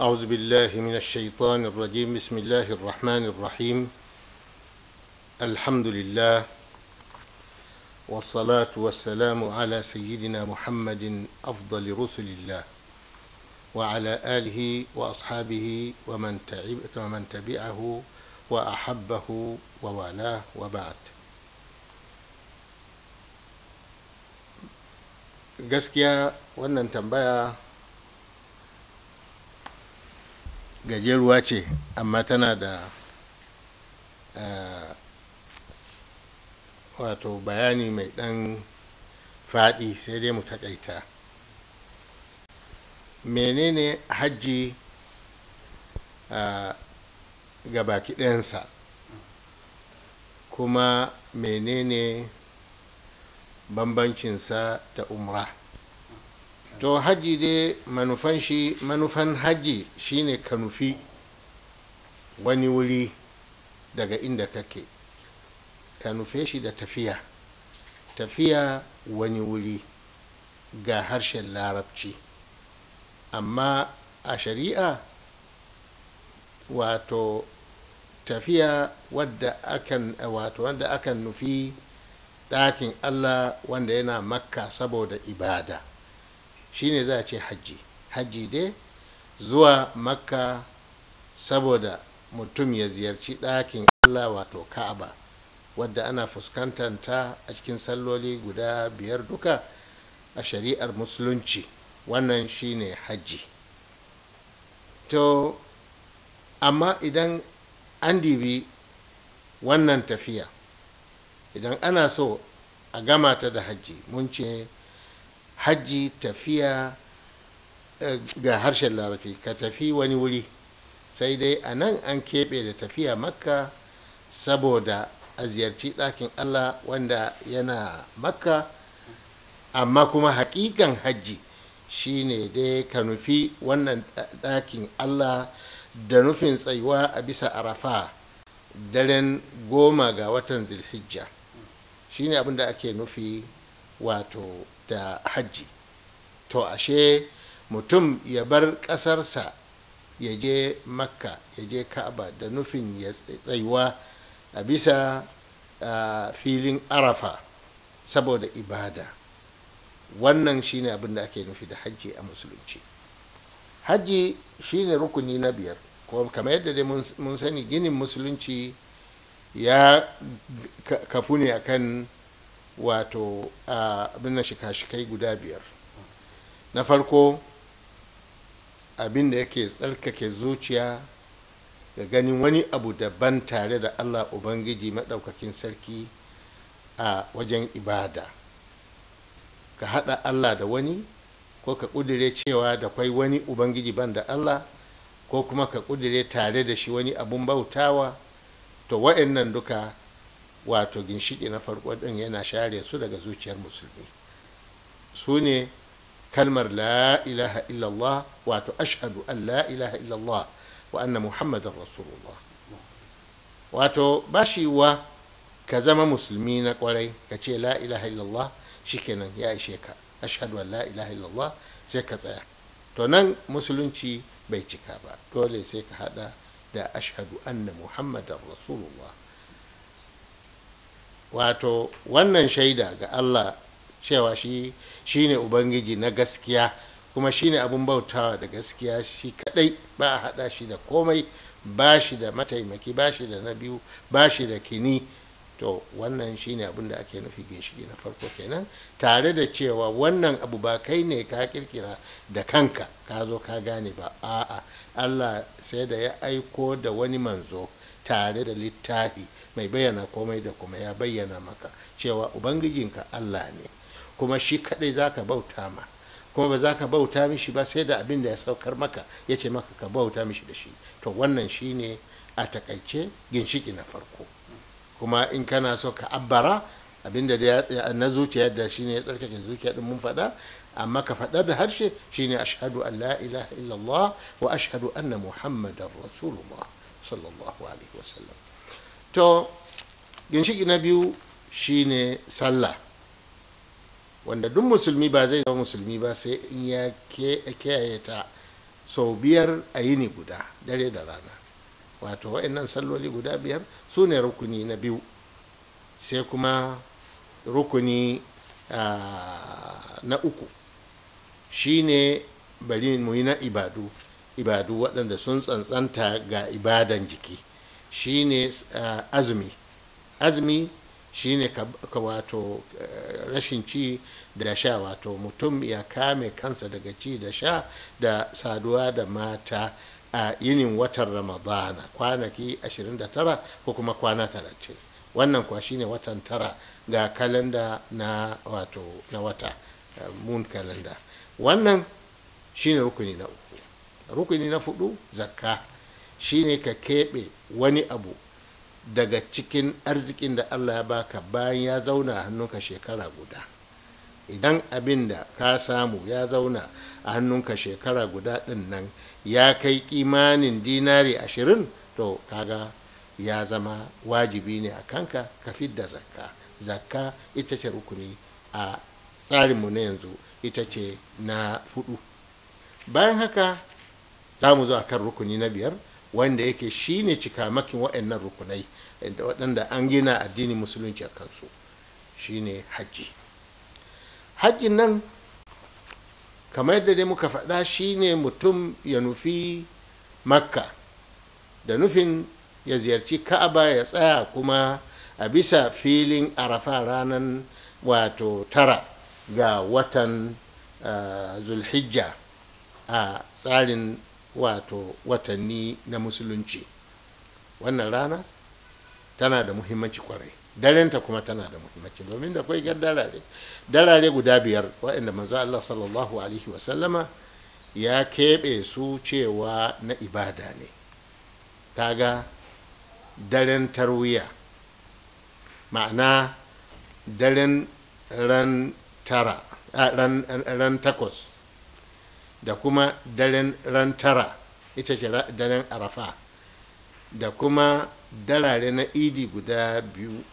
أعوذ بالله من الشيطان الرجيم بسم الله الرحمن الرحيم الحمد لله والصلاة والسلام على سيدنا محمد أفضل رسل الله وعلى آله وأصحابه ومن, ومن تبعه وأحبه ووالاه وبعد جسكيا wannan gajeruwa ce amma tana da eh, wato bayani mai dan faɗi sai dai mu taƙaita menene hajji eh, ga baki ɗayansa kuma menene bambancinsa da umra to hajji dai manufan shi manufan hajji shine ka nufi wani wuri daga inda kake ka nufe shi da tafiya tafiya wani wuri ga harshen larabci amma a shari'a wato tafiya wadda akan wato wanda akan nufi ɗakin allah wanda yana makka saboda ibada shine za a ce hajji hajji dai zuwa makka saboda mutum ya ziyarci ɗakin allah wato ka'aba wadda ana fuskantar ta a cikin salloli guda biyar duka a shari'ar musulunci wannan shine hajji to amma idan an dibi wannan tafiya idan ana so a gama ta da hajji mun ce hajji tafiya eh, ga harshen larabci ka tafi wani wuri sai dai a nan an keɓe da tafiya makka saboda a ziyarci ɗakin allah wanda yana makka amma kuma haƙiƙan hajji shine dai ka nufi wannan ɗakin allah da nufin tsayuwa a bisa arafa daren goma ga watan zilhijja shine abin da ake nufi wato da hajji to ashe mutum ya bar ƙasarsa ya je makka ya je ka'aba da nufin ya tsayuwa a bisa filin arafa saboda ibada wannan shine abin da ake nufi da hajji a musulunci hajji shine rukuni na biyar ko kamar yadda dai mun sani ginin musulunci ya kafu ne akan wato abin na shika-shikai guda biyar na farko abin da yake tsarkake zuciya ga ganin wani abu daban tare da allah ubangiji maɗaukakin sarki a wajen ibada ka haɗa allah da wani ko ka ƙudire cewa da kwai wani ubangiji ban da allah ko kuma ka ƙudire tare da shi wani abun bautawa to wa'annan duka wato ginshiki na farko ɗin yana share su daga zuciyar musulmi su ne kalmar la ilaha illallah wato ashadu an la ilaha illallah wa anna muhammadan rasulullah wato ba shi wa ka zama musulmi na kwarai ka ce la ilaha illallah shikenan ya ishe ka ashadu an la ilaha illallah sai ka tsaya to nan musulunci bai cika ba dole sai ka hada da ashhadu anna muhammadan rasulullah wato wannan shaida ga allah cewa shi shine ubangiji na gaskiya kuma shine abin bautawa da gaskiya shi kadai ba a hada shi da komai ba shi da mataimaki ba shi da na biyu ba shi da kini to wannan shine abin da ake nufi ginshiki na farko kenan tare da cewa wannan abu ba kai ne ka kirkira da kanka ka zo ka gane ba a'a allah sai da ya aiko da wani manzo tare da littafi mai bayyana komai da kuma ya bayyana maka cewa ubangijinka allah ne kuma shi kadai za ka bauta ma kuma ba za ka bauta mishi ba sai da abin da ya saukar maka ya ce maka ka bauta mishi da shi to wannan shi ne a takaice ginshiki na farko kuma in kana so ka abbara abin da na zuciya da shi ne ya tsarkake zuciya din mun faɗa amma ka faɗar da harshe shi shine ashadu an la ilaha illallah wa ashadu anna muhammadan rasulullah sallallahu alaihi wasallam to ginshiki na biyu shine sallah wanda duk musulmi ba zai zama musulmi ba sai in ya kiyaye ta sau biyar a yini guda dare da rana wato wa'annan salloli guda biyar su ne rukuni na biyu sai kuma rukuni na uku shine bari mu yi na ibadu ibadu waɗanda sun tsantsanta ga ibadan jiki shine eh, azumi azumi ne ka wato eh, rashin ci da sha wato mutum ya kame kansa daga ci da sha da saduwa da mata a yinin watan ramadana kwanaki 29 ko kuma kwana 30 wannan kuwa ne watan tara ga kalanda na wato na wata eh, moon kalanda wannan shi ne rukuni na uku rukuni na fudu zakka shine ka keɓe wani abu daga cikin arzikin da allah ya baka bayan ya zauna a hannunka shekara guda idan abin da ka samu ya zauna a hannunka shekara guda ɗin nan ya kai kimanin dinari ashirin to kaga ya zama wajibi ne a kanka ka fidda zakka zakka ita ce rukuni a tsarinmu na yanzu ita ce na fudu bayan haka za mu zo kan rukuni na biyar wanda yake shine makin waɗannan rukunai waɗanda an gina addinin musulunci a kansu shi ne hajji hajji nan kamar yadda dai muka faɗa shi ne mutum ya nufi makka da nufin ya ziyarci ka'aba ya tsaya kuma a bisa filin arafa ranan wato tara ga watan uh, zulhijja a uh, tsarin wato watanni na musulunci wannan rana tana da muhimmanci kwarai darenta kuma tana da muhimmanci domin da akwai gar darare darare guda biyar waɗanda manzo Allah sallallahu alaihi sallama ya keɓe su cewa na ibada ne kaga daren tarwiya ma'ana daren ran tara ran takwas da kuma daren ran tara ita ce daren arafa da kuma dalare na idi guda biyu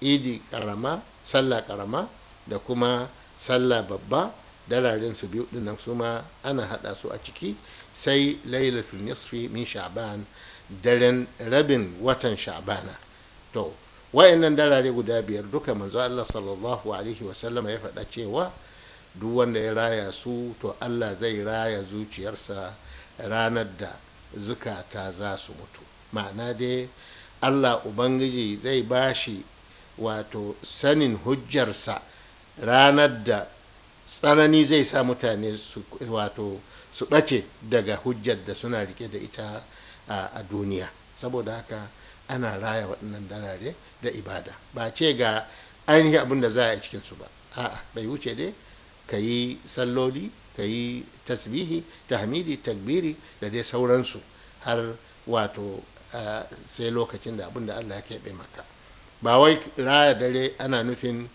idi karama sallah karama da kuma sallah babba dalaren su biyu dinnan su ma ana hada su a ciki sai lailatul nisfi min sha'ban daren rabin watan sha'bana to wayannan dalare guda biyar duka manzo Allah sallallahu alaihi wa sallama ya faɗa cewa duk wanda ya raya su to allah zai raya zuciyarsa ranar da zukata za su mutu ma'ana dai allah ubangiji zai bashi wato sanin hujjarsa ranar da tsanani zai sa mutane su wato su ɓace daga hujjar da suna rike da ita a duniya saboda haka ana raya waɗannan dalare da ibada ba ce ga ainihin abin da za a yi cikinsu ba a'a bai wuce dai Kayi yi salloli ka yi tasbihi tahmidi takbiri da dai sauransu har wato sai lokacin da abin da allah ya keɓe maka ba wai raya dare ana nufin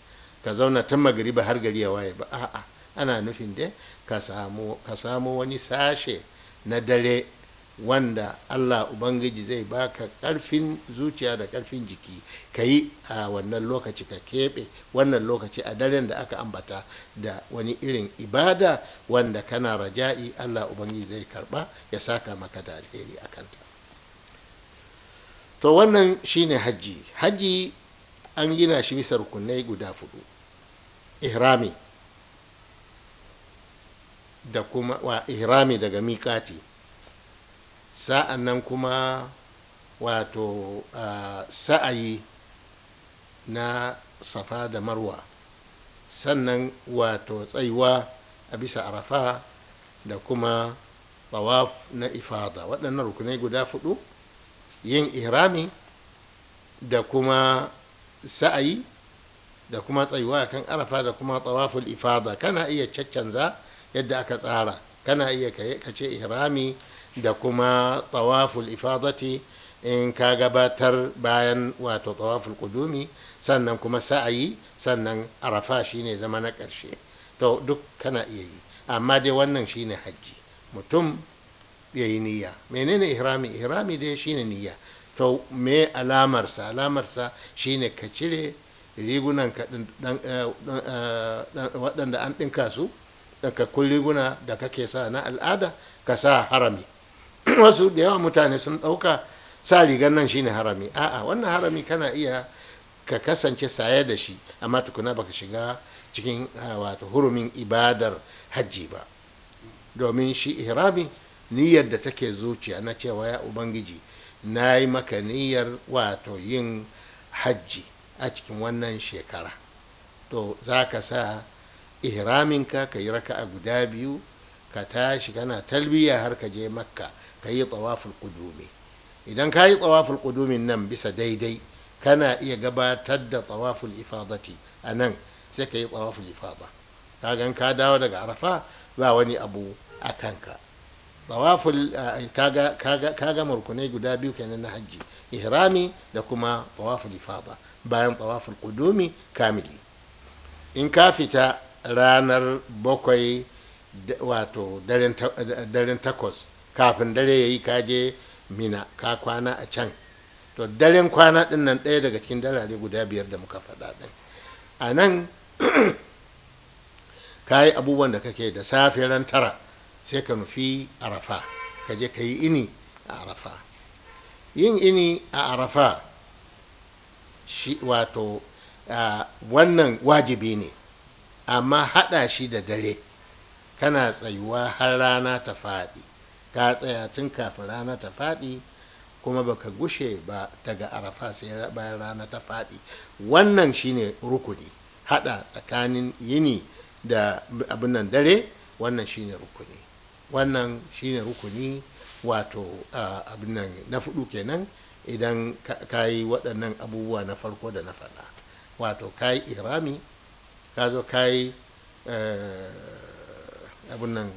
ka zauna tun magariba har gari ya waye ba a'a ana nufin dai ka samu wani sashe na dare wanda allah ubangiji zai baka karfin zuciya da karfin jiki ka yi a wannan lokaci ka keɓe wannan lokaci a daren da aka ambata da wani irin ibada wanda kana raja'i allah ubangiji zai karba ya saka maka da alheri a kanta to wannan shine hajji hajji an gina shi bisa rukunai guda fudu ihrami da kuma wa ihrami daga miƙati sa'an nan kuma wato sa'ayi na safa da marwa sannan wato tsaiwa a bisa arafa da kuma tawaf na ifada waɗannan rukunai guda fudu yin ihrami da kuma sa'ayi da kuma tsayuwa kan arafa da kuma tawaful ifada kana iya caccanza yadda aka tsara kana iya kace ihrami da kuma tawaful ifadati in ka gabatar bayan wato tawaful kudumi sannan kuma sa'ayi sannan arafa shine zama na ƙarshe to duk kana iya yi amma dai wannan shine hajji mutum ya yi niyya menene ihrami ihrami dai shine niyya to me alamarsa alamarsa shine ka cire rigunan eh, eh, waɗanda an ɗinka su ka kun da kake sa na al'ada ka sa harami wasu da yawa mutane sun ɗauka sa rigar nan shine harami a'a wannan harami kana iya ka kasance sayar da shi amma tukuna baka shiga cikin ah, wato hurumin ibadar hajji ba domin shi ihrami niyyar da take zuciya na cewa ya ubangiji na yi maka niyyar wato yin hajji a cikin wannan shekara to za ka sa ihraminka ka yi raka a guda biyu ka tashi kana talbiya har ka je makka ka yi tsawafin ƙudumi idan ka yi tsawafin ƙudumin nan bisa daidai kana iya gabatar da tsawafin ifadati a nan sai ka yi tsawafin ifada ka gan ka dawo daga arafa ba wani abu a kanka tsawafin ka ga murkunai guda biyu kenan na hajji ihrami da kuma tsawafin ifada bayan tsawafin ƙudumi kamili in ka fita ranar bakwai wato daren takwas kafin dare ya yi ka je mina ka kwana a can to daren kwana din nan ɗaya daga cikin dalare guda biyar da muka faɗa ɗin a nan ka yi abubuwan da kake da safe ran tara sai ka nufi arafa ka je ka yi ini a arafa yin ini a arafa shi wato wannan wajibi ne amma haɗa shi da dare kana tsayuwa har rana ta faɗi ka tsaya tun kafin rana ta faɗi kuma baka gushe ba daga arafa sai bayan rana ta faɗi wannan shine rukuni hada tsakanin yini da abin nan dare wannan shine rukuni wannan shine rukuni wato abin nan na fudu kenan idan ka yi waɗannan abubuwa na farko da na faɗa wato ka yi irami ka zo ka yi eh, abin nan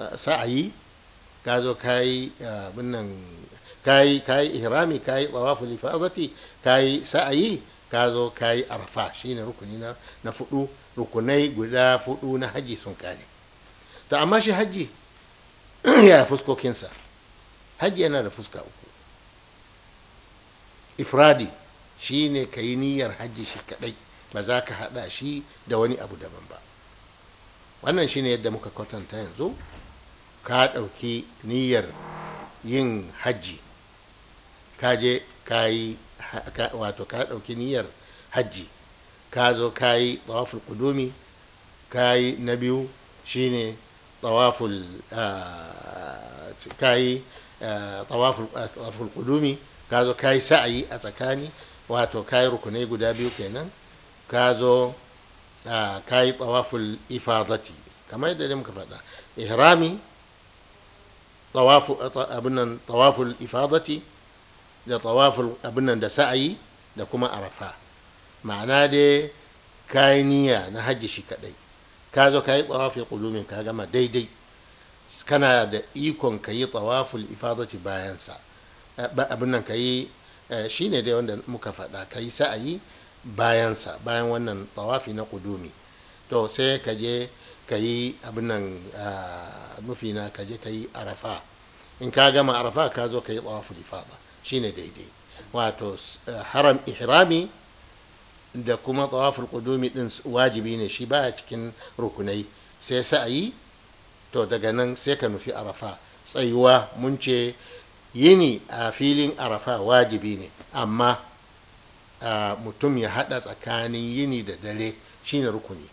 eh, sa'ayi ka zo ka yi eh, ka ihrami ka yi tawaful ifadati ka yi sa'ayi ka zo ka yi arfa shine rukuni na na fudu rukunai guda fudu na haji sun kare to amma shi haji ya fuskokinsa haji yana da fuska uku ifradi shine ka yi niyyar haji shi kadai ba za ka hada shi da wani abu daban ba wannan shine yadda muka kwatanta yanzu ka ɗauki niyyar yin hajji ka je ka yi wato ka ɗauki niyyar hajji ka zo ka yi tsawaful ƙudumi ka yi na biyu shine tsawaful ka yi ƙudumi ka zo ka yi sa'ayi a tsakani wato ka yi rukunai guda biyu kenan ka zo ka yi tsawaful ifadati kamar yadda muka faɗa ihrami tawafu abinan tawaful ifadati da tawaful abinan da sa'ayi da kuma arafa ma'ana dai kayi na hajji shi kaɗai ka zo ka yi tawaful qulumin ka gama daidai kana da ikon ka yi tawaful ifadati bayansa abin nan ka yi shi ne dai wanda muka faɗa ka yi sa'ayi bayansa bayan wannan tawafi na kudumi to sai ka je ka yi abin nan nufina ka je ka yi arafa in ka gama arafa ka zo ka yi tsawaful shi ne daidai wato eh, haram ihrami da kuma tsawaful ƙudumi din wajibi ne shi ba a cikin rukunai sai yi to daga nan sai ka nufi arafa tsayuwa mun ce yini a filin arafa wajibi ne amma mutum ya haɗa tsakanin yini da dare shine rukuni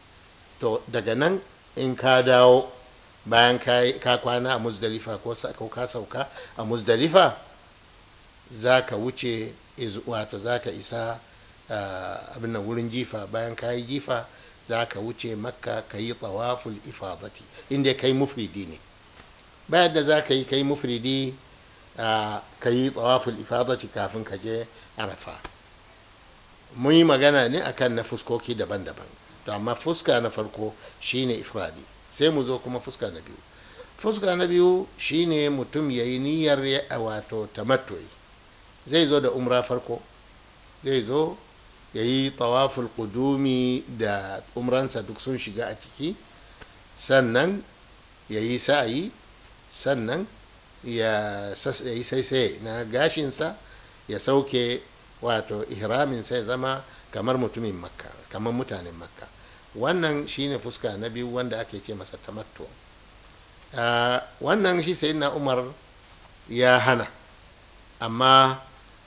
to daga nan in ka dawo bayan ka kwana a muzdalifa ko ka sauka a muzdalifa za ka wuce wato za ka isa abin wurin jifa bayan ka yi jifa za ka wuce makka ka yi tsawaful ifadati inda kai mufridi ne bayan da za ka yi kai mufridi ka yi tsawaful ifadati kafin ka je arafa mun yi magana ne akan na fuskoki daban-daban to amma fuska na farko shine ifradi sai mu zo kuma fuska na biyu fuska na biyu shine mutum ya yi niyyar ya wato tamattu'i zai zo da umra farko zai zo ya yi tawaful kudumi da umransa duk sun shiga a ciki sannan ya yi sa'ayi sannan ya yi sai na gashinsa ya sauke wato ihramin ya zama kamar mutumin makka kamar mutanen makka wannan shine fuska na biyu wanda ake ce masa tamattu ah, wannan shi sai na umar ya hana amma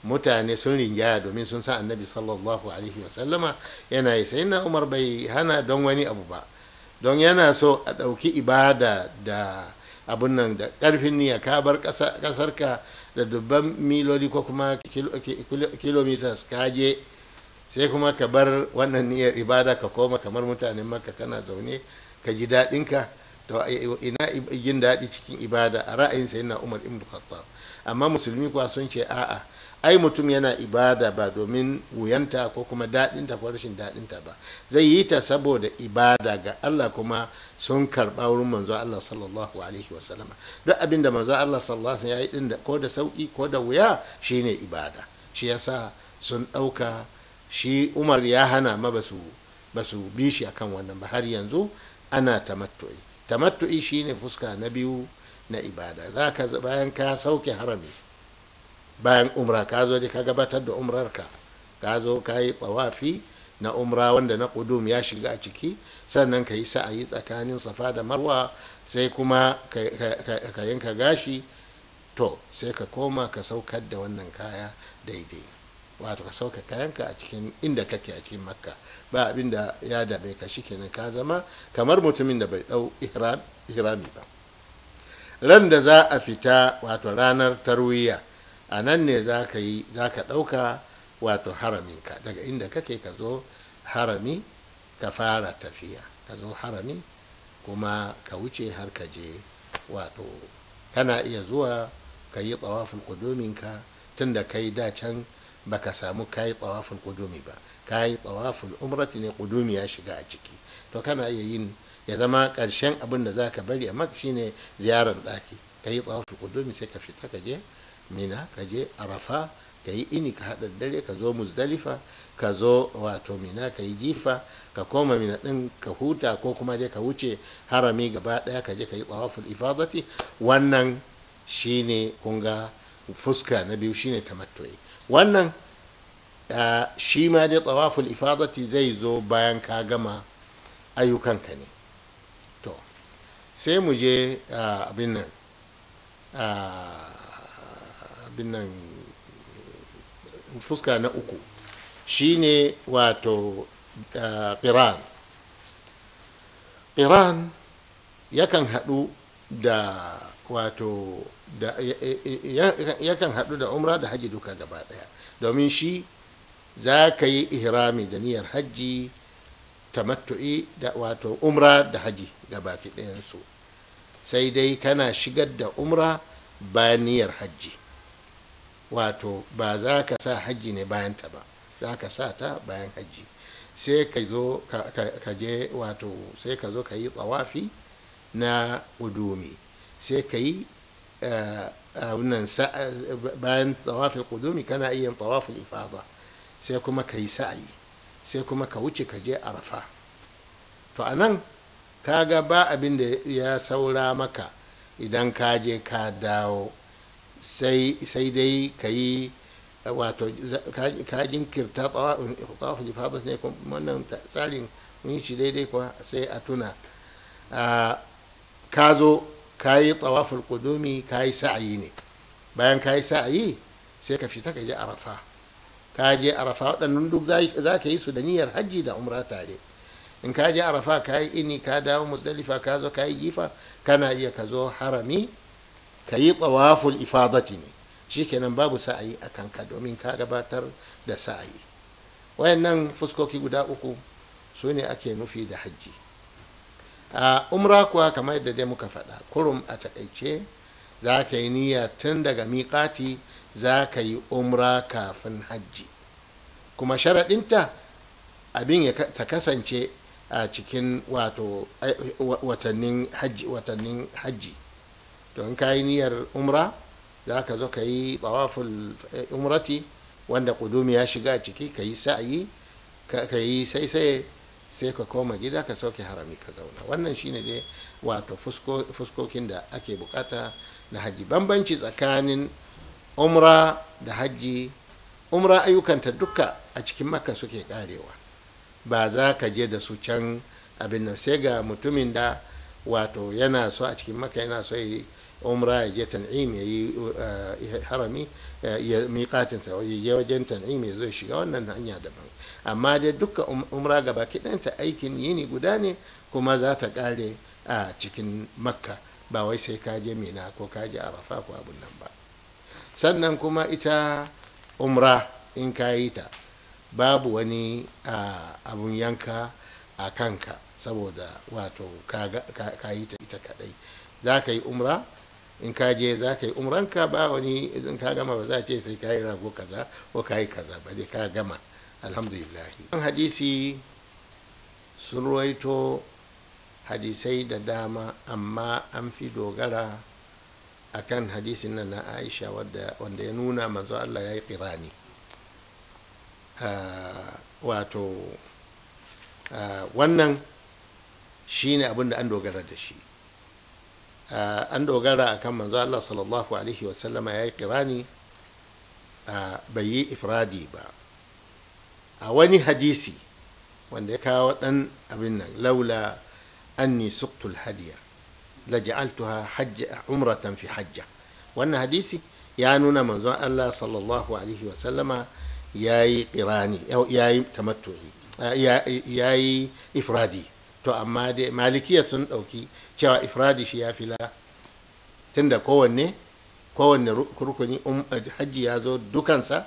mutane sun ringaya domin sun san annabi sallallahu alaihi wasallama yana yi sai na umar bai hana don wani abu ba don yana so a ɗauki ibada da abun nan da ƙarfin niyya ka bar ƙasarka da dubban miloli ko kuma kilomitas ka je sai kuma ka bar wannan niyyar ibada ka koma kamar mutanen maka kana zaune ka ji daɗinka to ina jin daɗi cikin ibada a ra'ayin sai na umar ibn khattab amma musulmi kuwa sun ce a'a ai mutum yana ibada ba domin wuyanta ko kuma daɗinta ko rashin daɗinta ba zai yi ta saboda ibada ga Allah kuma sun karɓa wurin manzo Allah sallallahu alaihi wasallam duk abin da manzo Allah sallallahu alaihi wasallam ya yi ko da sauƙi ko da wuya shine ibada shi yasa sun ɗauka shi umar ya hana ma ba su bi shi akan wannan ba har yanzu ana tamattu'i tamattu'i shine fuska na biyu na ibada za ka bayan ka sauke harami bayan umra ka zo ka gabatar da umrarka ka zo ka yi tsawafi na umra wanda na ƙudum ya shiga a ciki sannan ka yi sa'ayi tsakanin safa da marwa sai kuma ka yanka gashi to sai ka koma ka saukar da wannan kaya daidai wato ka sauka kayanka a cikin inda kake a cikin makka ba abin da ya dame ka kenan ka zama kamar mutumin da bai dau ihrami ba ran da za a fita wato ranar tarwiya a nan ne za ka yi za ka ɗauka wato haraminka daga inda kake ka zo harami ka fara tafiya ka zo harami kuma ka wuce har ka je wato kana iya zuwa ka yi tsawafin kudominka tun da ka yi can. Ba ka samu kayi tsawafin kudumi ba kayi tsawafin umrati ne kudumi ya shiga a ciki to kana iya yin ya zama karshen abin da zaka bari a amma shine ziyarar daki kayi tsawafin kudumi sai ka fita ka je mina ka je arafa ka yi ini ka haɗa dare ka zo muzdalifa ka zo wato mina ka yi jifa ka koma mina ɗin ka huta ko kuma dai ka wuce harami gaba ɗaya ka je ka yi tsawafin ifadati wannan shine kunga fuska na biyu shine tamattu'i wannan shi ma dai tsawaful ifadati zai zo bayan ka gama ayyukanka ne to sai mu je abin nan abin nan fuska na uku shi ne wato ƙiran ƙiran yakan haɗu da wato yakan haɗu da umra da haji duka gaba ɗaya domin shi za ka yi ihrami da niyyar hajji tamattu'i da wato umra da hajji gaba ɗayansu sai dai kana shigar da umra ba niyyar hajji wato ba za ka sa hajji ne bayan ta ba za ka sa ta bayan hajji sai ka zo ka je wato sai ka zo ka yi tsawafi na udumi sai ka yi eh, eh, eh, bayan tawafin kudumi kana iya tawafin ifada sai kuma ka yi sa'ayi sai kuma ka wuce ka je arafa to a nan ka ga ba abin da ya saura maka idan ka je ka dawo sai dai ka yi wato ka jinkirta tawafin ifada ne kuma wannan tsarin mun yi shi daidai kuwa sai a tuna ah, ka zo ka yi tsawaful kudumi ka yi sa'ayi ne bayan ka yi sa'ayi sai ka fita ka je arafa ka je arafa waɗannan duk za ka yi su da niyyar hajji da umra tare in ka je arafa ka yi ini ka dawo musdalifa ka zo ka yi jifa kana iya ka zo harami ka yi tsawaful ifadati ne shikenan babu sa'ayi a kanka domin ka gabatar da sa'ayi wayannan fuskoki guda uku su ne ake nufi da hajji umra kuwa kamar yadda dai muka faɗa kurum a taƙaice za ka yi niyya tun daga miƙati za ka yi umra kafin hajji kuma sharaɗinta abin ta kasance a cikin wato watannin hajji watannin hajji don ka yi niyyar umra za ka zo ka yi bawaful eh, umrati wanda ƙudumi ya shiga ciki ka yi sa'ayi ka yi sai sai sai ka koma gida ka sauke harami ka zauna wannan shine dai wato fuskokin da ake bukata na haji bambanci tsakanin umra da haji umra ayyukanta duka a cikin makka suke karewa ba za ka je da su can abin nan sai ga mutumin da wato yana so a cikin makka yana so yi umra ya je tan'im ya yi eh, harami eh, ya miƙatinsa ya je wajen tan'im ya zo shiga wannan hanya daban amma dai duka um-, umra ga gaba kiɗanta aikin yini guda ne kuma za ta ƙare a cikin makka ba wai sai ka je mina ko ka je arafa ko abun nan ba sannan kuma ita umra in ka yi ta babu wani abun yanka a kanka saboda wato ka yi ta ita kadai za ka yi umra in ka je za ka yi umranka ba wani in ka gama ba za ce sai ka yi rago kaza ko ka yi kaza ba dai ka gama alhamdulillahi an hadisi sun ruwaito hadisai da dama amma an fi dogara akan hadisin nan na aisha wanda ya nuna manzo allah ya yi kirani ah, wato ah, wannan shi ne abin an dogara da shi ah, an dogara akan manzo allah sallallahu alaihi wasallama ya yi kirani bai yi ifradi ba a wani hadisi wanda ya kawo dan abin nan laula anni suqtul hadiya la ja'altuha hajj umratan fi hajja wannan hadisi ya nuna manzon Allah sallallahu alaihi wa sallama yayi qirani yayi tamattu'i yayi ifradi to amma dai malikiya sun dauki cewa ifradi shi ya fila tunda kowanne kowanne rukuni um-, hajji ya zo dukansa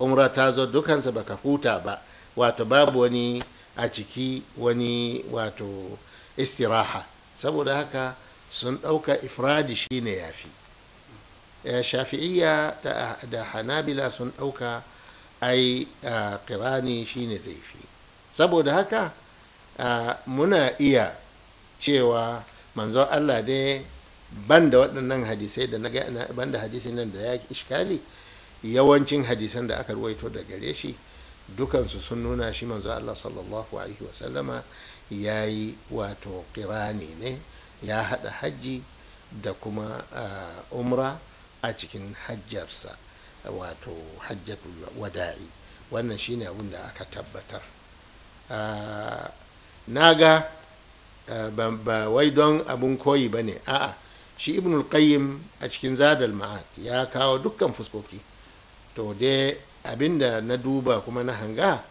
umra ta zo dukansa baka huta ba wato babu wani a ciki wani wato istiraha saboda haka sun ɗauka ifradi shine yafi shafi'iyya da hanabila sun ɗauka ai kirani shine zaifi saboda haka muna iya cewa manzon allah dai ban waɗannan hadisai da ban da hadisai nan da ya ishkali yawancin hadisan da aka ruwaito da gare shi dukansu sun nuna shi manzo Allah sallallahu alaihi wasallama ya yi wato kirani ne ya haɗa hajji da kuma ah, umra a cikin hajjarsa wato hajjatul wada'i wannan shine abin da aka tabbatar ah, na ga ah, ba wai don abun koyi ba ne a'a shi ibnul qayyim a cikin zadal ma'ad ya kawo dukkan fuskoki to dai abinda na duba kuma na hanga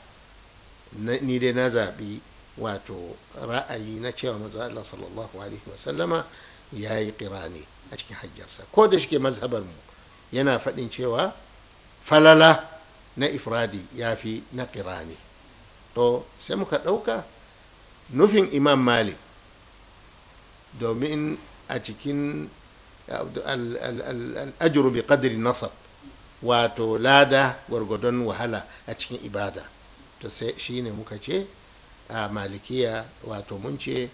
ni dai na zaɓi wato ra'ayi na cewa maza Allah sallallahu alaihi wasallama ya yi ne a cikin hajjarsa ko da shike mazhabar mu yana faɗin cewa falala na ifradi ya fi na ne to sai muka ɗauka nufin imam malik domin a cikin al'ajuru bi qadri nasab wato lada gwargwadon wahala a cikin ibada to sai ne muka ce a malikiya wato mun ce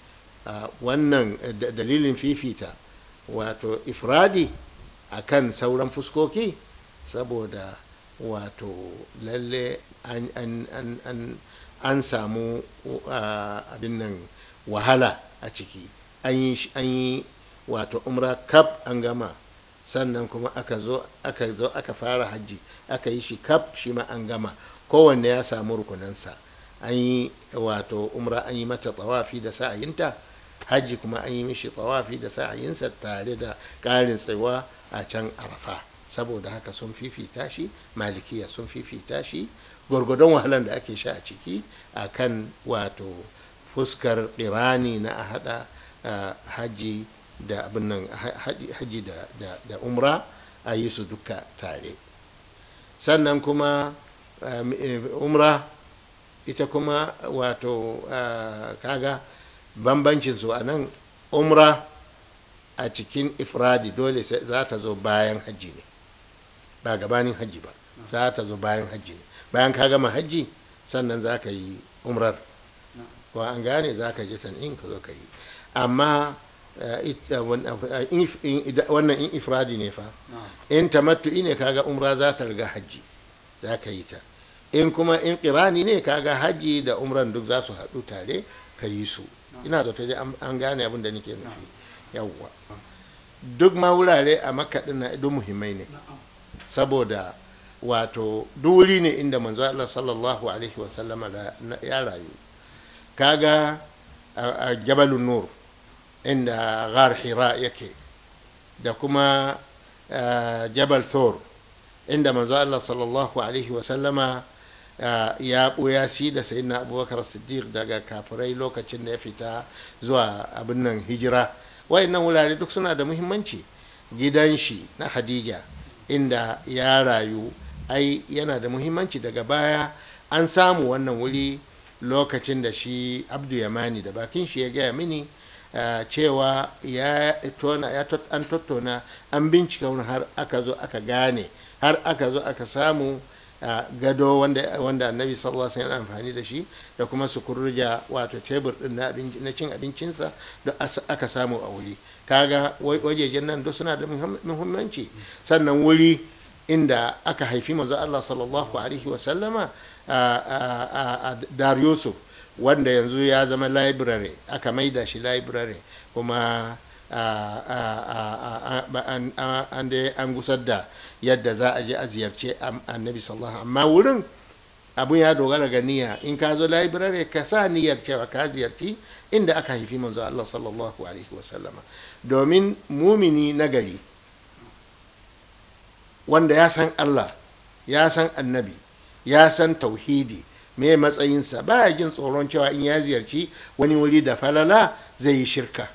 wannan dalilin fifita wato ifradi a kan sauran fuskoki saboda wato lalle an, samu abin nan wahala a ciki an yi wato umra kaf an gama sannan kuma aka zo aka zo aka fara hajji aka yi shi kaf shi ma an gama kowanne ya samu rukunansa an yi wato umra an yi mata tsawafi da sa'ayinta hajji kuma an yi mishi tsawafi da sa'ayinsa tare da ƙarin tsawa a can arfa saboda haka sun fifita shi malikiya sun fifita shi gwargwadon wahalar da ake sha a ciki a kan wato fuskar ɗirani na a haɗa hajji da abin nan haji da umra a yi su duka tare sannan kuma um, eh, umra ita kuma wato ah, kaga su a nan umra a cikin ifradi dole za ta zo bayan hajji ne ba gabanin haji ba za ta zo bayan hajji ne bayan ka gama hajji sannan za ka yi umrar ko an gane za ka je tan'in ka zo ka yi amma wannan in ifradi ne fa in tamattu ne kaga umra za ta riga hajji za ka yi ta in kuma in kirani ne kaga hajji da umran duk za su haɗu tare ka yi su ina zato je an gane abin da nake nufi yawwa duk ma wurare a makaɗin na idu muhimmai ne saboda wato duri ne inda manzo Allah sallallahu alaihi wasallama ya rayu kaga a jabalun nuru inda ghar hira yake da kuma jabal thor inda manzo Allah sallallahu alaihi wasallama ya ɓoya shi da sayyidina abubakar siddiq daga kafirai lokacin da ya fita zuwa abin nan hijira wayannan wurare duk suna da muhimmanci gidan shi na hadija inda ya rayu ai yana da muhimmanci daga baya an samu wannan wuri lokacin da shi abdu yamani da bakin shi ya gaya mini cewa ya tona ya an tattauna an bincika wani har aka zo aka gane har aka zo aka samu gado wanda annabi sallallahu alaihi wasallam amfani da shi da kuma su kurja wato tebur din na cin abincinsa da aka samu a wuri kaga wajejen nan duk suna da muhimmanci sannan wuri inda aka haifi manzo Allah sallallahu alaihi wasallama a Dar Yusuf wanda yanzu ya zama library aka maida shi library kuma an dai an gusar da yadda za a je a ziyarce annabi sallallahu amma wurin abun ya dogara ga niyya in ka zo library ka sa niyyar cewa ka ziyarci inda aka haifi manzo Allah sallallahu alaihi wasallama domin mumini nagari wanda ya san Allah ya san annabi ya san tauhidi me matsayinsa ba ya jin tsoron cewa in ya ziyarci wani wuri da falala zai yi shirka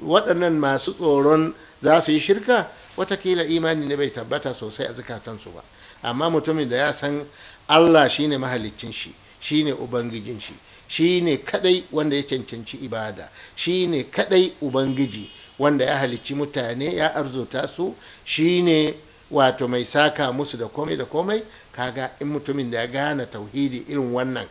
waɗannan masu tsoron za su yi shirka watakila imani ne bai tabbata sosai a zukatansu ba amma mutumin da ya san allah shine mahaliccin shi shine ubangijin shi shine kadai wanda ya cancanci ibada shine kadai ubangiji wanda ya halicci mutane ya arzuta su shine wato mai saka musu da komai da komai kaga in mutumin da ya gane tauhidi irin wannan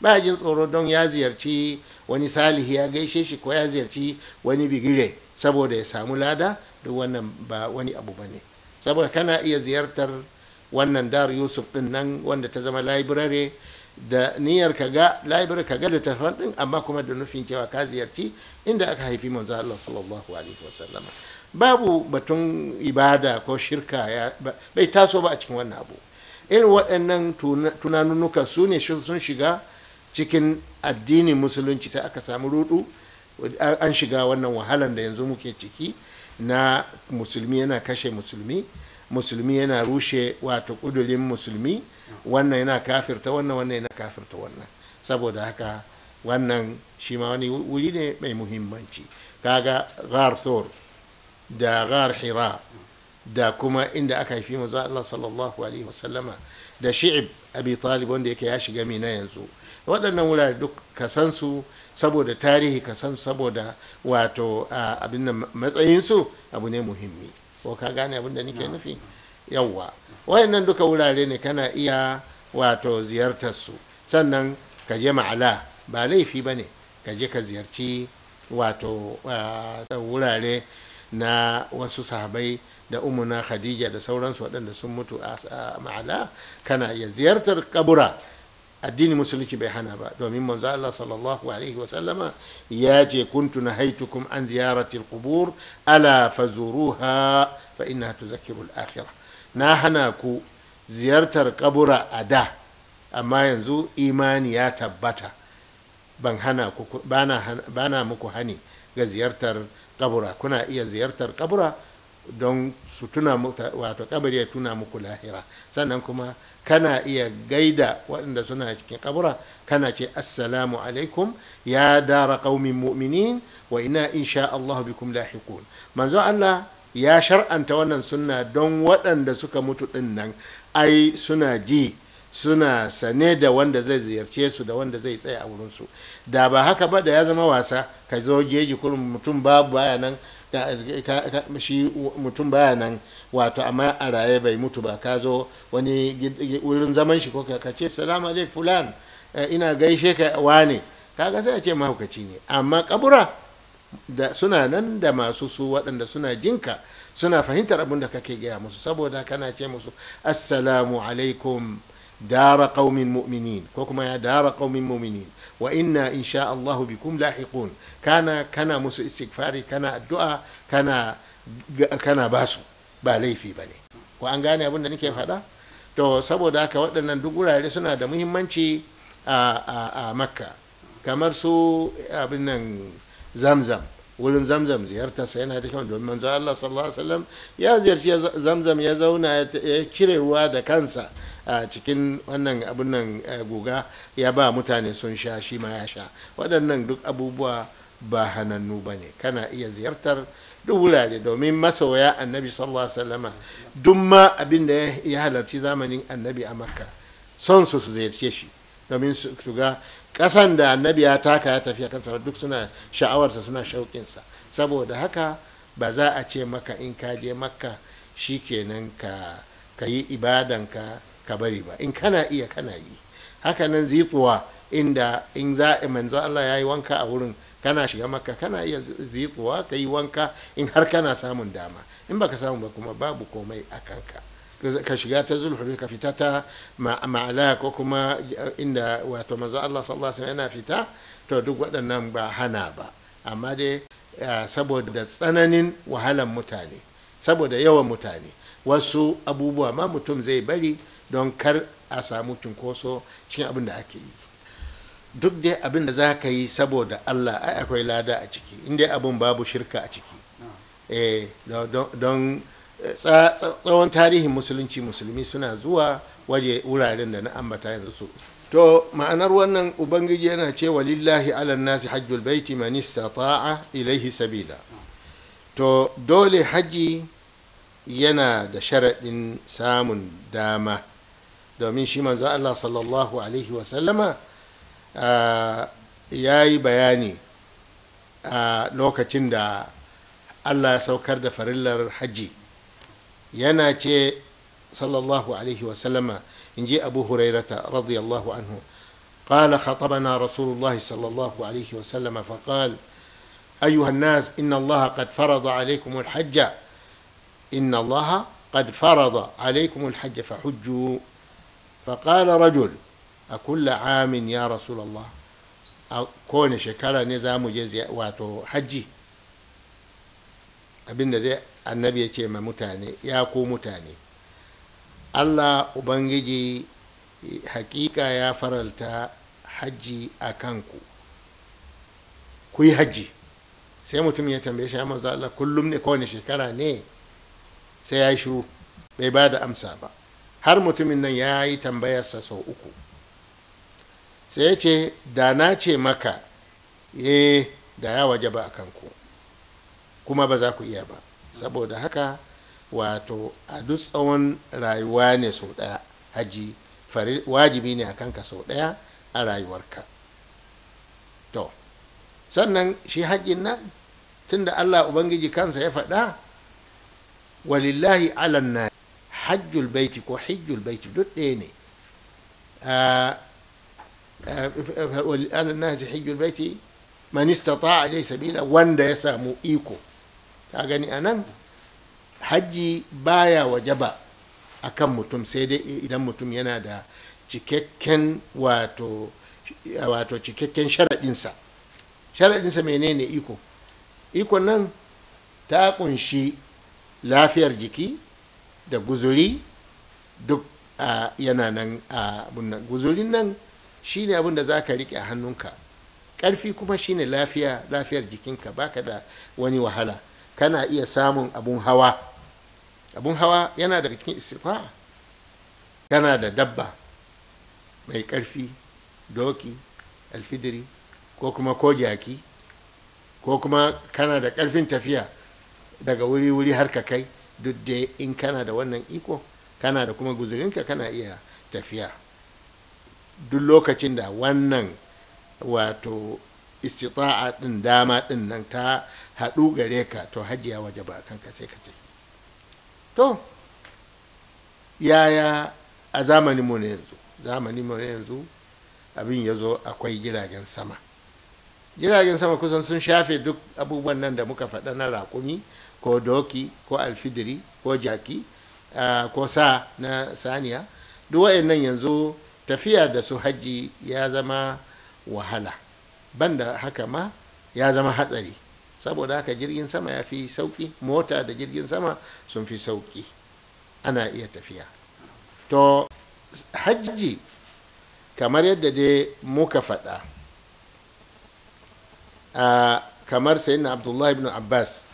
ba jin tsoro don ya ziyarci wani salihi ya gaishe shi ko ya ziyarci wani bigire saboda ya samu lada duk wannan ba wani abu ba ne saboda kana iya ziyartar wannan dar yusuf din nan wanda ta zama library da niyyar ka ga library ka ga littafan din amma kuma da nufin cewa ka ziyarci inda aka haifi manzo Allah sallallahu alaihi wasallama babu batun ibada ko shirka ya bai taso ba a cikin wannan abu irin waɗannan tunanunuka su ne sun shiga cikin addinin musulunci sai aka samu rudu an shiga wannan wahalan da yanzu muke ciki na musulmi yana kashe musulmi musulmi yana rushe wato kudulin musulmi wannan yana kafirta wannan wannan yana kafirta wannan saboda haka wannan shi ma wani wuri ne mai muhimmanci kaga ghar thor da ghar hira da kuma inda aka haifi maza Allah sallallahu alaihi wasallama da shi'ib abi talib wanda yake ya shiga mina yanzu waɗannan wurare duk ka san saboda tarihi ka san saboda wato abin nan matsayin su abu ne muhimmi ko ka gane abin da nake nufi yawwa wayannan duka wurare ne kana iya wato ziyartar su sannan ka je ma'ala ba laifi bane ka je ka ziyarci wato wurare na wasu sahabai da umuna khadija da sauransu waɗanda sun mutu a ma'ala kana iya ziyartar kabura addini musulunci bai hana ba domin manzo Allah sallallahu alaihi wa sallama ya ce kuntu kun an ziyarati kubur ala fazuruha fa innaha tuzakkiru akhirah na hana ku ziyartar kabura a da amma yanzu imani ya tabbata ban hana ku bana muku hani ga ziyartar kabura kuna iya ziyartar kabura don su tuna wato kabari ya tuna muku lahira sannan kuma kana iya gaida waɗanda suna cikin kabura kana ce assalamu alaikum ya dara qaumin mu'minin wa ina insha Allah bikum lahiqun manzo Allah ya shar'anta wannan sunna don waɗanda suka mutu ɗin nan ai suna ji suna sane da wanda zai ziyarce su da wanda zai tsaya a wurinsu da ba haka ba da ya zama wasa ka zo jeji kurin mutum babu baya nan shi mutum baya nan wato amma a raye bai mutu ba ka zo wani wurin zaman shi ko ka ce salamu alaikum fulan eh, ina gaishe ka wane kaga sai a ce mahaukaci ne amma kabura da suna nan da masu su waɗanda suna jinka suna fahimtar abin da kake gaya musu saboda kana ce musu assalamu alaikum dara kaumin mu'minin ko kuma ya dara kaumin mu'minin wa inna insha Allah bikum lahiqun kana kana musu istighfari kana addu'a kana kana basu ba laifi bane ko an gane abin da nake faɗa to saboda haka waɗannan duk wurare suna da muhimmanci a makka kamar su abin nan zamzam wurin zamzam ziyartarsa yana da kyau domin manzo Allah sallallahu alaihi wasallam ya ziyarci zamzam ya zauna ya cire ruwa da kansa a cikin wannan abin nan guga ya ba mutane sun sha shi ma ya sha waɗannan duk abubuwa ba hanannu ba ne kana iya ziyartar duk wurare domin masoya annabi sallallahu alaihi wasallama duk ma abin da ya halarci zamanin annabi a makka son su su ziyarce shi domin su ga kasan da annabi ya taka ya tafiya kansa duk suna sha'awarsa suna shauƙinsa saboda haka ba za a ce maka in ka je makka shikenan ka ka yi ibadanka ka bari ba in kana iya kana yi hakanan zitsuwa inda in za a manzo Allah ya yi wanka a wurin kana shiga maka kana iya zitsuwa ka yi wanka in har kana samun dama in baka samu ba kuma babu komai a kanka ka shiga ta zulhuri ka fita ta ma'ala ko kuma eh, inda wato manzo Allah sallallahu alaihi wasallam yana fita to duk waɗannan ba hana ba amma dai eh, saboda tsananin wahalan mutane saboda yawan mutane wasu abubuwa ma mutum zai bari don kar a samu cunkoso cikin abin da ake yi duk dai abin da za ka yi saboda allah ai akwai lada a ciki inda abin babu shirka a ciki eh don eh, tsawon tarihin musulunci musulmi suna zuwa waje wuraren da na ambata yanzu su to ma'anar wannan ubangiji yana ce lillahi ala nasi hajjul baiti man istata'a ilaihi sabila to dole haji yana da sharaɗin samun dama domin shi manzo Allah sallallahu alaihi wa sallama yayi bayani a lokacin da Allah ya saukar da farillar haji yana ce sallallahu alaihi wasallama in ji abu hurairata radiyallahu anhu قال خطبنا رسول الله صلى الله عليه وسلم فقال أيها الناس إن الله قد فرض عليكم الحج إن الله قد فرض عليكم الحج فحجوا فقال rajul a kulla amin ya rasulallah a kowane shekara ne za mu je wato hajji abinda dai annabi ya ce ma mutane ya ku mutane allah ubangiji hakika ya faralta hajji a kanku ku yi hajji sai mutum ya tambaye shi manzo Allah kullum ne kowane shekara ne sai ya yi shiru bai ba da amsa ba har mutumin nan ya yi tambayarsa sau uku sai ya ce da na ce maka ye eh, da ya waje ba a kanku kuma ba za ku iya ba saboda haka wato a duk tsawon rayuwa ne sau ɗaya haji wajibi ne a kanka sau ɗaya a rayuwarka to sannan shi haƙin nan tunda allah ubangiji kansa ya faɗa walillahi alanna hajjul baiti ko hijjul baiti duk ɗaya ne ah, ah, na hijjul baiti man istata'a sabila wanda ya samu iko ka gani anan hajji baya wajaba akan mutum sai dai idan mutum yana da cikakken wato wato cikakken sharaɗinsa sharaɗinsa menene iko iko nan ta kunshi lafiyar jiki da guzuri duk yana nan abun nan guzurin nan shine abun da za ka riƙe a hannunka ƙarfi kuma shine lafiya lafiyar jikinka baka da wani wahala kana iya samun abun hawa abun hawa yana daga cikin istifa'a kana da dabba mai ƙarfi doki alfidiri ko kuma ko jaki ko kuma kana da ƙarfin tafiya daga wuri-wuri har ka kai duk dai in kana da wannan iko kana da kuma guzurinka kana iya tafiya duk lokacin da wannan wato istita'a din dama din nan ta haɗu gare ka to hajiya waje ba kanka sai ka tafi to yaya a zamaninmu na yanzu zamaninmu na yanzu abin ya zo akwai jiragen sama jiragen sama kusan sun shafe duk abubuwan nan da muka faɗa na raƙumi ko doki ko alfidiri ko jaki ko sa na saniya duk wayannan yanzu tafiya da su hajji ya zama wahala banda haka ma ya zama hatsari saboda haka jirgin sama ya fi sauki mota da jirgin sama sun fi sauki ana iya tafiya to hajji kamar yadda dai muka faɗa kamar sayin abdullahi ibn abbas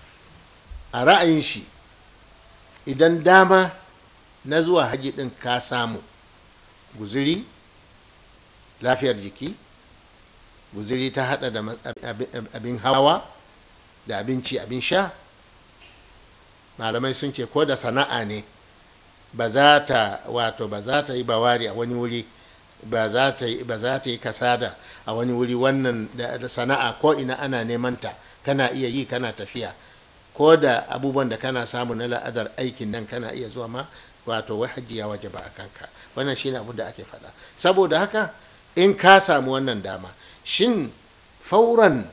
a ra'ayin shi idan dama na zuwa haji ɗin ka samu guziri lafiyar jiki guziri ta hada da abin hawa da abinci abin sha malamai sun ce ko da sana'a ne ba za ta wato ba za ta yi bawari a wani wuri ba za ta yi kasada a wani wuri wannan sana'a ko ina ana neman ta kana iya yi kana tafiya ko da abubuwan da kana samu na la'adar aikin nan kana iya zuwa ma wato wai hajji ya waje ba a kanka wannan shine abin da ake faɗa saboda haka in ka samu wannan dama shin fauran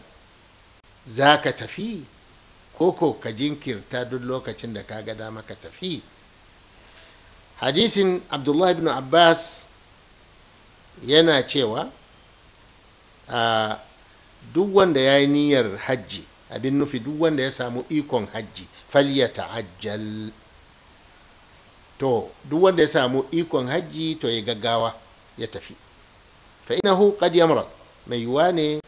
za ka tafi Ko ko ka jinkirta duk lokacin da ka ga dama ka tafi hadisin abdullahi ibn abbas yana cewa ah, duk wanda ya yi niyyar hajji abin nufi duk wanda ya samu ikon hajji falya ta'ajjal to duk wanda ya samu ikon hajji to ya gaggawa ya tafi fa inahu qad yamra mai yiwa ne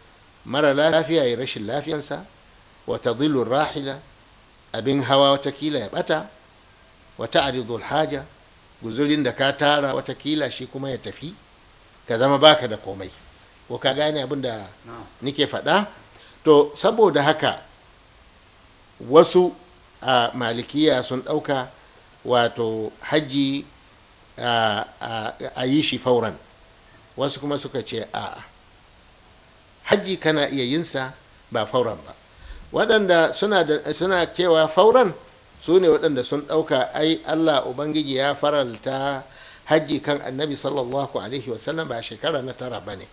mara lafiya ya rashin lafiyansa wa tadhillu rahila abin hawa watakila ya bata wa ta'ridu haja guzurin da ka tara watakila shi kuma ya tafi ka zama baka da komai ko ka gane abin da nike faɗa to saboda haka wasu a malikiya sun ɗauka wato hajji a yi shi fauran wasu kuma suka ce a hajji kana iya yinsa ba fauran ba waɗanda suna cewa fauran su ne waɗanda sun ɗauka ai allah ubangiji ya faralta hajji kan annabi sallallahu alaihi wasallam ba shekara na tara ba ne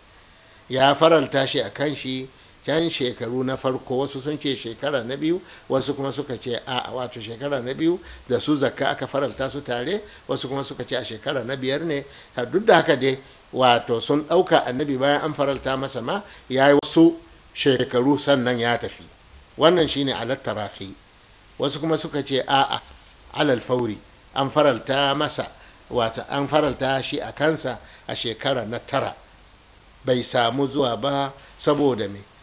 ya faralta shi a kan shi yan shekaru na farko wasu sun ce shekara na biyu wasu kuma suka ce a wato shekara na biyu da su zakka aka faralta su tare wasu kuma suka ce a shekara na biyar ne duk da haka dai wato sun ɗauka annabi bayan an faralta masa ma ya yi wasu shekaru sannan ya tafi wannan shine alat tarahi wasu kuma suka ce a'a alal fauri an faralta masa wato an faralta shi a kansa a shekara na tara bai samu zuwa ba saboda me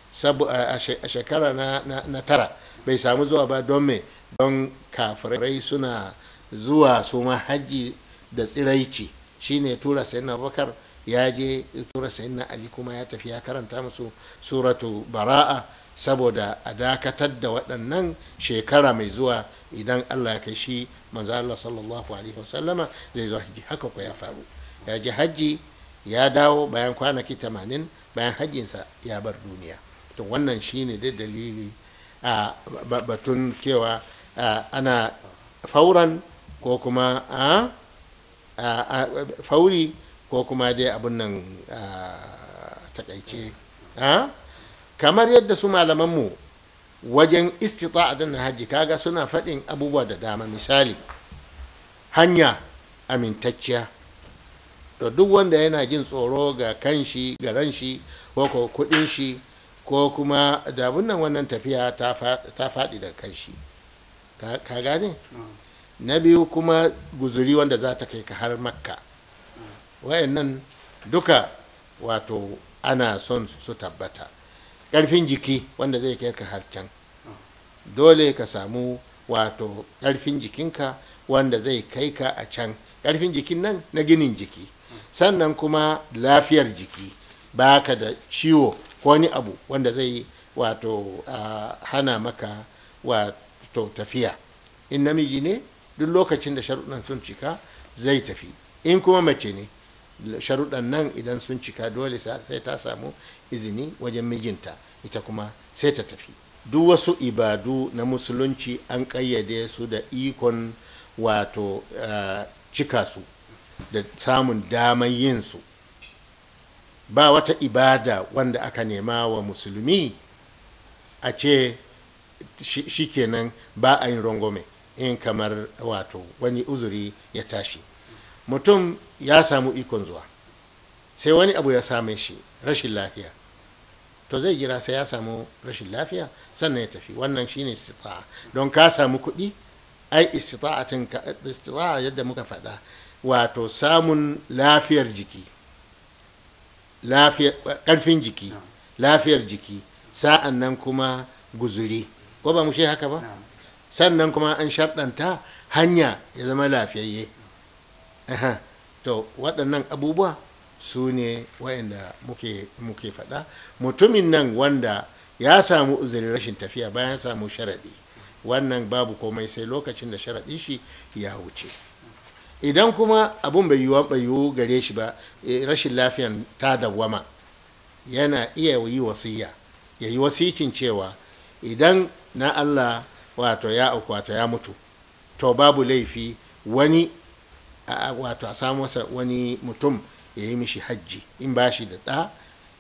a shekara na tara bai samu zuwa ba don me don kafirai suna zuwa su ma hajji da tsiraici shine tura sayyidina abubakar ya je tura sayyidina ali kuma ya tafi ya karanta musu suratu bara'a saboda a dakatar da waɗannan shekara mai zuwa idan allah ya kai shi manzo allah sallallahu alaihi wasallama zai zo hajji haka ko ya faru ya je hajji ya dawo bayan kwanaki 80 bayan hajjinsa ya bar duniya to wannan shine da dalili a batun cewa ana fauran ko kuma a fauri ko kuma dai abin nan takaice kamar yadda su malamanmu wajen a dan hajji kaga suna faɗin abubuwa da dama misali hanya amintacciya to duk wanda yana jin tsoro ga kanshi ga ranshi ko kuɗin shi ko kuma da nan wannan tafiya ta faɗi da kanshi ka gane mm. na biyu kuma guzuri wanda za ta kai ka har makka mm. wayannan duka wato ana son su tabbata ƙarfin jiki wanda zai kai ka har can mm. dole ka samu wato ƙarfin jikinka wanda zai kai ka a can Karfin jikin nan na ginin jiki sannan kuma lafiyar jiki baka da ciwo wani abu wanda zai wato hana maka wato tafiya in namiji ne duk lokacin da sharuɗan sun cika zai tafi in kuma mace ne sharuɗan nan idan sun cika dole sai ta samu izini wajen mijinta ita kuma sai ta tafi duk wasu ibadu na musulunci an ƙayyade su da ikon wato cika su da samun daman yin su ba wata ibada wanda aka nema wa musulmi a ce shi kenan ba a yin rangwame in kamar wato wani uzuri ya tashi mutum ya samu ikon zuwa sai wani abu ya same shi rashin lafiya to zai jira sai ya samu rashin lafiya sannan ya tafi wannan shine istita'a don ka samu kuɗi ai istita'a yadda muka faɗa wato samun lafiyar jiki Karfin jiki lafiyar jiki sa'an nan kuma guzuri ko ba mu shi haka ba sannan kuma an sharɗanta hanya ya zama lafiyayye to waɗannan abubuwa su ne waɗanda muke faɗa mutumin nan wanda ya samu uzuri rashin tafiya bayan samu sharaɗi wannan babu komai sai lokacin da sharaɗin shi ya wuce idan kuma abun bai yiwu gare shi ba eh, rashin lafiyan ta dawwama yana iya yi wasiya ya yi wasikin cewa idan na allah wato ya auku wato ya mutu to babu laifi wani wato a samu masa wani mutum ya yi mishi hajji in ba shi da ɗa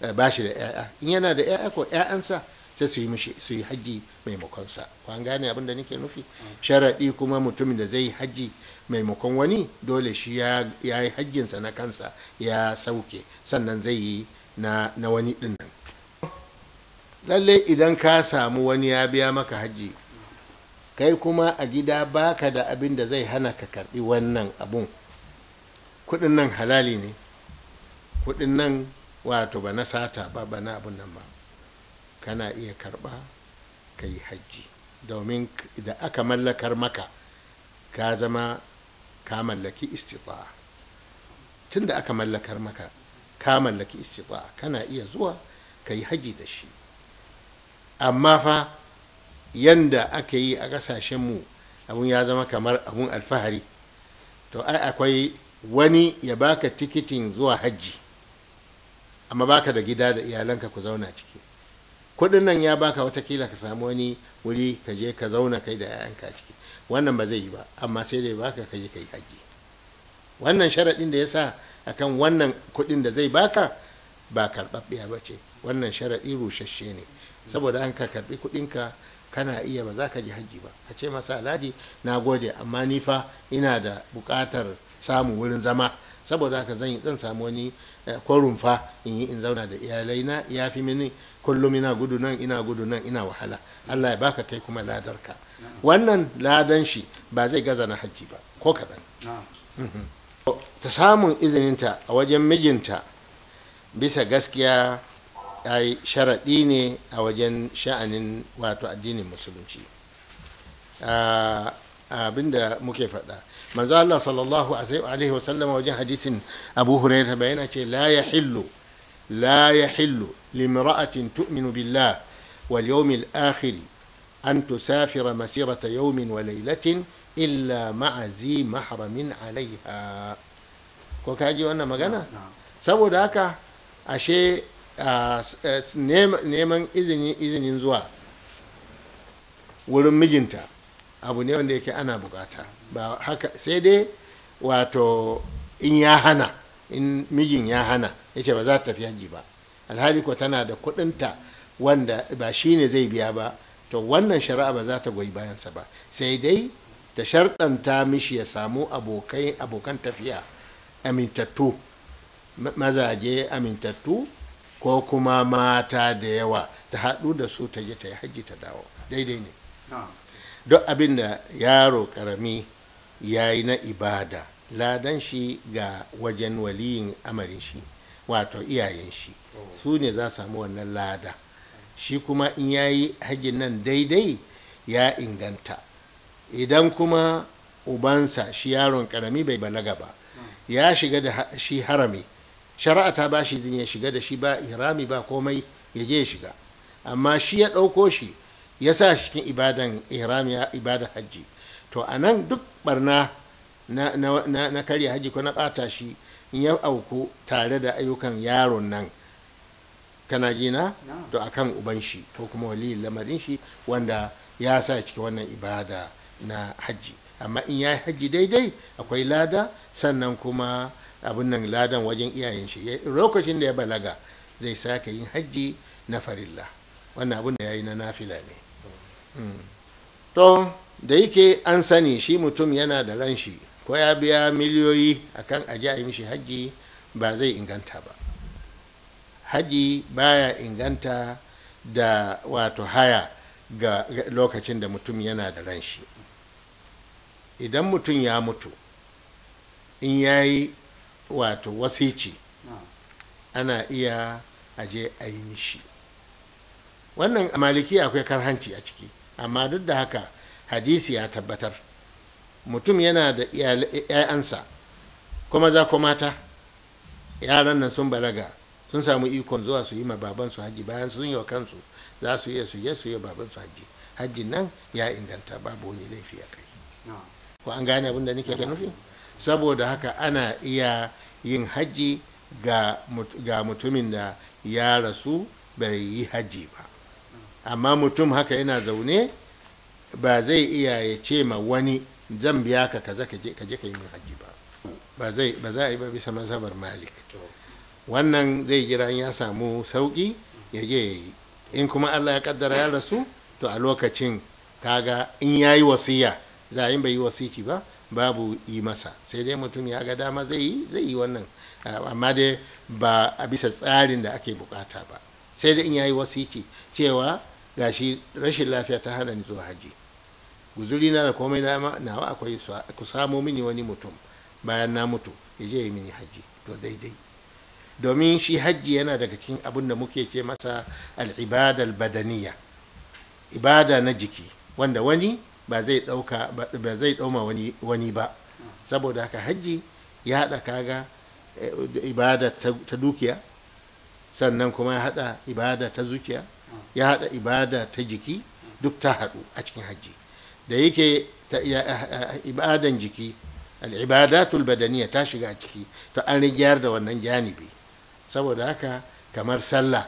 eh, ba shi da ‘ya'ya in yana da ‘ya'ya ko ‘ya'yansa sai su yi mishi su yi hajji maimakonsa ku an gane abin da nake nufi mm. sharaɗi kuma mutumin da zai yi hajji maimakon wani dole shi ya yi hajjinsa na kansa ya sauke sannan zai yi na, wani dinnan lallai idan ka samu wani ya biya maka hajji kai kuma a gida baka da abin da zai hana ka karbi wannan abun kudin nan halali ne kudin nan wato ba na sata ba ba na abun nan ba kana iya karba ka yi hajji domin da aka mallakar maka ka zama ka mallaki istita'a tunda aka mallakar maka ka mallaki istita'a kana iya zuwa ka yi haji da shi amma fa yanda aka yi a kasashenmu abun ya zama kamar abun alfahari to ai akwai wani ya baka tikitin zuwa hajji amma baka da gida da iyalanka ku zauna ciki kudin nan ya baka watakila ka samu wani wuri ka je ka zauna kai da 'ya'yanka ciki wannan ba zai yi ba amma sai dai baka ka je ka haji wannan sharaɗin da ya sa a kan wannan kuɗin da zai baka ba karɓaɓɓiya ba ce wannan sharaɗi rushashe ne saboda an ka karɓi kuɗinka kana iya ba za ka ji haji ba a ce masa alhaji na gode amma ni fa ina da buƙatar samu wurin zama saboda haka zan zan samu wani eh, korun fa in yi in zauna da iyalai na ya fi mini kullum ina gudu nan ina gudu nan ina wahala Allah ya baka kai kuma ladarka wannan ladan shi ba zai gaza na hajji ba ko kaɗan ta samun izininta a wajen mijinta bisa gaskiya ai sharaɗi ne a wajen sha'anin wato addinin musulunci abinda muke faɗa manzo Allah sallallahu alaihi wasallam wajen hadisin Abu huraira bayana ce la yahillu la yahillu limra'atin tu'minu billah wal yawmil akhir أن تسافر مسيرة يوم وليلة إلا مع ذي محرم عليها ko ka ji wannan magana saboda haka ashe neman izinin zuwa wurin mijinta abu ne wanda yake ana bukata ba haka sai dai wato in ya hana in mijin ya hana yake ba za ta tafi haji ba alhali ko tana da kudinta wanda ba shi ne zai biya ba to wannan shari'a ba za ta goyi bayansa ba sai dai ta sharɗanta mishi ya samu abokan tafiya amintattu mazaje amintattu ko kuma mata da yawa ta haɗu da su ta je ta yi hajji ta dawo daidai ne don abin da yaro ƙarami ya yi na ibada ladan shi ga wajen waliyin amarin shi wato iyayen shi oh. su ne za samu wannan lada shi kuma in ya yi hajjin nan daidai ya inganta idan kuma ubansa shi yaron karami bai balaga ba ya shiga da shi harami shari'a ta ba shi ya shiga da shi ba irami ba komai ya je shiga amma shi ya ɗauko shi ya sa shi cikin ibadan irami ya ibada hajji to a nan duk barna na, karya hajji ko na ɓata shi in ya auku tare da ayyukan yaron nan kana gina to akan uban shi ko kuma wali lamarin shi wanda ya sa cikin wannan ibada na hajji amma in ya yi hajji daidai akwai lada sannan kuma abin nan ladan wajen iyayen shi lokacin da ya balaga zai sake yin hajji na farilla wannan abin da ya yi na nafila ne hmm. to da yake an sani shi mutum yana da ran shi ko ya biya miliyoyi akan aje a yi mishi hajji ba zai inganta ba haji baya inganta da wato haya ga lokacin da mutum yana da ran shi idan mutum ya mutu in ya yi wato wasici ana iya aje ainihi shi wannan maliki akwai karhanci a ciki amma duk da haka hadisi ya tabbatar mutum yana da ‘ya'yansa kuma za ku mata yaran nan sun balaga sun samu ikon zuwa su yi ma baban su haji bayan sun yi wa kansu za su iya su je su baban su haji haji nan ya inganta babu wani laifi a kai ko an gane abin da nake ke nufi saboda haka ana iya yin haji ga mutumin da ya rasu bai yi haji ba amma mutum haka yana zaune ba zai iya ya ce ma wani zan biya ka kaje ka ka yi min haji ba ba za a yi ba bisa mazhabar malik wannan zai jira ya samu sauƙi ya je in kuma allah ya kaddara ya rasu to a lokacin kaga in ya yi wasiya za a yi bai yi wasiki ba babu yi masa sai dai mutum ya ga dama zai yi zai yi wannan amma dai ba a bisa tsarin da ake bukata ba sai dai in ya yi wasiki cewa gashi rashin lafiya ta hana ni zuwa haji guzuri na da komai dama nawa akwai ku samo mini wani mutum bayan na mutu ya je yi mini haji to daidai domin shi hajji yana daga cikin abin da muke ce masa al'ibadar badaniya ibada na jiki wanda wani ba zai ɗauka ba zai ɗauma wani ba saboda haka hajji ya haɗa kaga eh, ibada ta dukiya sannan kuma ya haɗa ibada ta zuciya ya haɗa ibada ta jiki duk ta haɗu a cikin hajji da yake eh, eh, ibadan jiki al'ibadatul badaniya ta shiga a ciki to an rigyar da wannan janibi saboda haka kamar sallah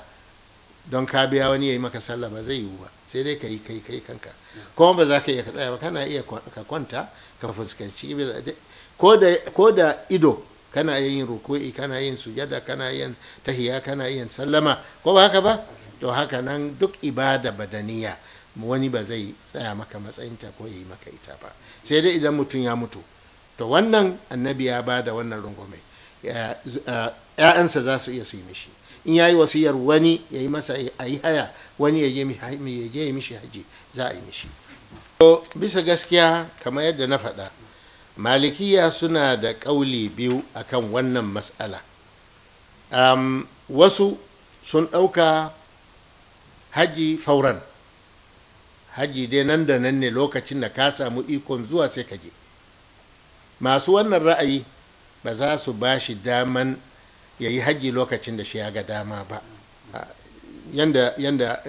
don ka biya wani ya yi maka sallah ba zai yiwu ba sai dai ka yi kai kai kanka kuma ba za ka iya ka tsaya ba kana iya ka kwanta ka fuskanci ko da ido kana yin ruku'i kana yin sujada kana yin tahiya kana yin sallama ko ba haka ba to haka nan duk ibada badaniya wani ba zai tsaya maka matsayinta ko ya yi maka ita ba sai dai idan mutum ya mutu to wannan annabi ya bada wannan rungume ‘ya'yansa za su iya su yi mishi in ya yi wasiyar wani ya yi masa a yi haya wani ya yi mishi haji za a yi mishi bisa gaskiya kamar yadda na faɗa malikiya suna da ƙauli biyu a kan wannan matsala um, wasu sun ɗauka haji fauran haji dai nan da nan ne lokacin da ka samu ikon zuwa sai ka je masu wannan ra'ayi ba za su ba shi daman ya yi haji lokacin da shi ya ga dama ba yanda, yanda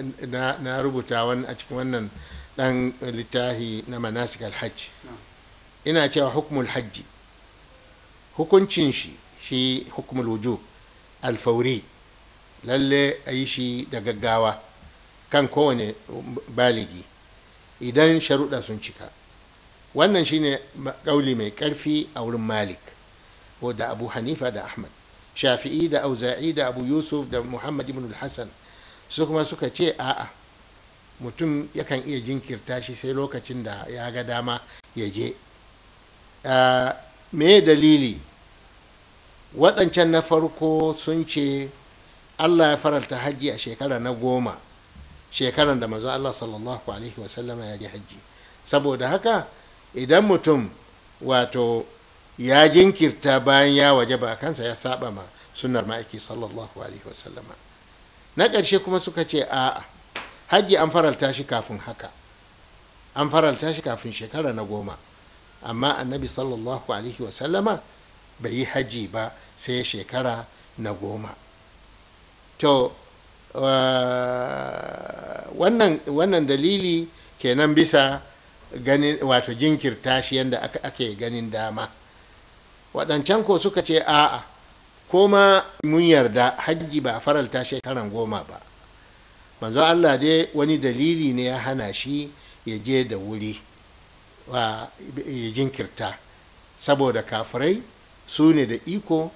na, rubuta a cikin wannan dan littafi na manasik hajji. ina cewa hukumul hajji hukuncin shi shi hukumul wujub alfauri lalle a yi shi da gaggawa kan kowane baligi idan sharuɗa sun cika wannan shine ƙauli mai ƙarfi a wurin malik ko da abu hanifa da ahmad shafi'i da auza'i da abu yusuf da muhammad ibn hassan su kuma suka ce a'a mutum yakan iya jinkirta shi sai lokacin da ya ga dama ya je me dalili waɗancan na farko sun ce allah ya fararta hajji a shekara na goma shekaran da mazu allah sallallahu alaihi wasallama ya ji hajji saboda haka idan mutum wato ya jinkirta bayan ya waje ba kansa ya saba ma sunnar ma'aiki sallallahu alaihi wasallama na ƙarshe kuma suka ce a hajji an faralta shi kafin haka an faralta shi kafin shekara na goma amma annabi sallallahu alaihi wasallama bai yi hajji ba sai shekara na goma to uh, wannan dalili kenan bisa wato jinkirta shi yadda ake ganin dama waɗancan ko suka ce a'a koma mun yarda hajji ba faralta shekaran goma ba manzo Allah dai wani dalili ne ya hana shi ya je da wuri ya jinkirta saboda kafirai su ne da iko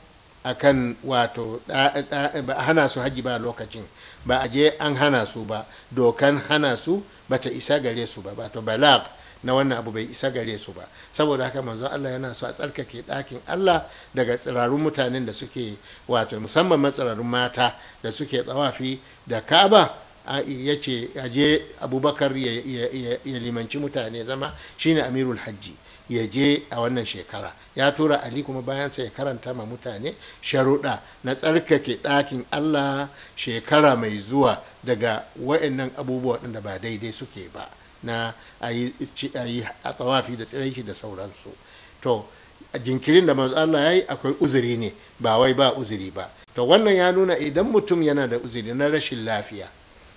a kan wato ba hana su hajji ba lokacin ba a je an hana su ba dokan hana su ba ta isa gare su ba wato balag na wannan abu bai isa gare su ba saboda haka manzon Allah yana so a tsarkake ɗakin Allah daga tsirarun mutanen da suke wato musamman matsirarun mata da suke tsawafi da Ka'aba ya ce aje Abubakar ya limanci mutane zama shine Amirul Hajji ya je a wannan shekara ya tura ali kuma bayan sa ya karanta ma mutane sharuɗa na tsarkake ɗakin allah shekara mai zuwa daga wa'annan abubuwa da ba daidai suke ba na a yi a tsawafi da tsirai da sauransu to jinkirin da manzo Allah ya yi akwai uzuri ne ba wai ba uzuri ba to wannan ya nuna idan mutum yana da uzuri na rashin lafiya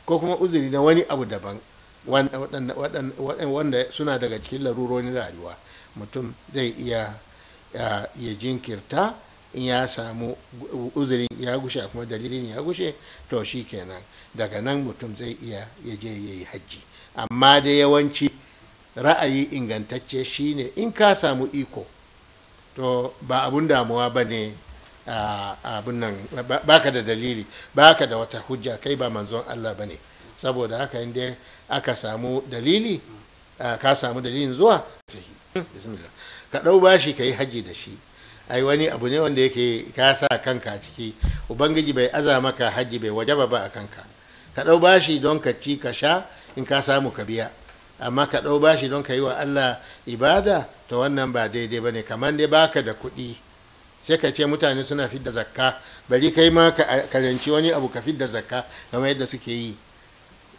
ko kuma uzuri na wani abu daban wanda suna daga cikin larurorin rayuwa mutum zai iya ya jinkirta in ya samu uzurin ya gushe kuma dalilin ya gushe to shi kenan daga nan mutum zai iya ya je ya yi hajji amma da yawanci ra'ayi ingantacce shine in ka samu iko to ba abun damuwa ba ne abin nan ka da dalili ba ka da wata hujja kai ba manzon Allah ba ne saboda haka inda aka samu dalili ka samu dalilin zuwa ka ɗau bashi ka yi hajji da shi ai wani abu ne wanda yake ka sa kanka ciki ubangiji bai aza maka hajji bai wajaba ba a kanka ka ɗau bashi don ka ci ka sha in ka samu ka biya amma ka ɗau bashi don ka yi wa allah ibada to wannan ba daidai ba ne kamar dai baka da kuɗi sai ka ce mutane suna fidda zakka bari kai ma ka ranci wani abu ka fidda zakka kamar yadda suke yi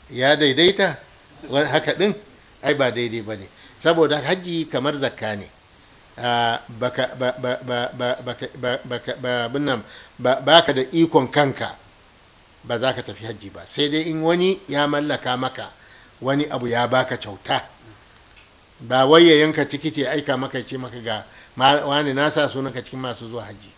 ya daidaita haka ɗin ai ba daidai ba ne saboda hajji kamar zakka ne ba ka da ikon kanka ba za ka tafi hajji ba sai dai in wani ya mallaka maka wani abu ya baka kyauta ba wai ya yanka tikiti ya aika maka ce maka ga wani na sa sunanka cikin masu zuwa haji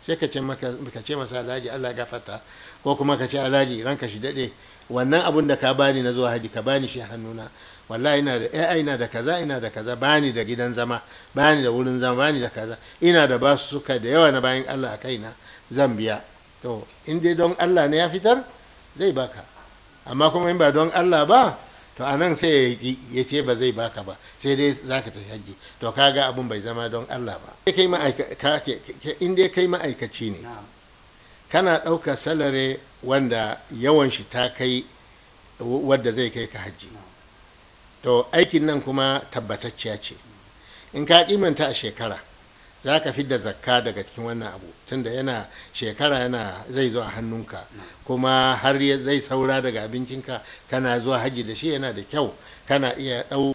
sai ka ce masa alhaji Allah gafarta ko kuma ka ce alhaji ranka shi dade wannan abun da ka bani na zuwa haji ka bani shi hannuna wallahi ina da ai eh, ina da kaza ina da kaza bani da gidan zama bani da wurin zama bani da kaza ina da basu suka da yawa na bayan Allah a kaina zan biya to in dai don Allah ne ya fitar zai baka amma kuma in ba don Allah ba to a nan sai ya ce ba zai baka ba sai dai za ka tafi hajji to ka ga abun bai zama don allah ba in dai kai ma'aikaci ne kana ɗaukar salare wanda yawan shi ta kai wadda zai kai ka hajji to aikin nan kuma tabbatacciya ce in ka kimanta a shekara za ka fi da zakka daga cikin wannan abu tunda yana shekara yana zai zo a hannunka kuma har zai saura daga abincinka kana zuwa haji da shi yana da kyau kana iya ɗau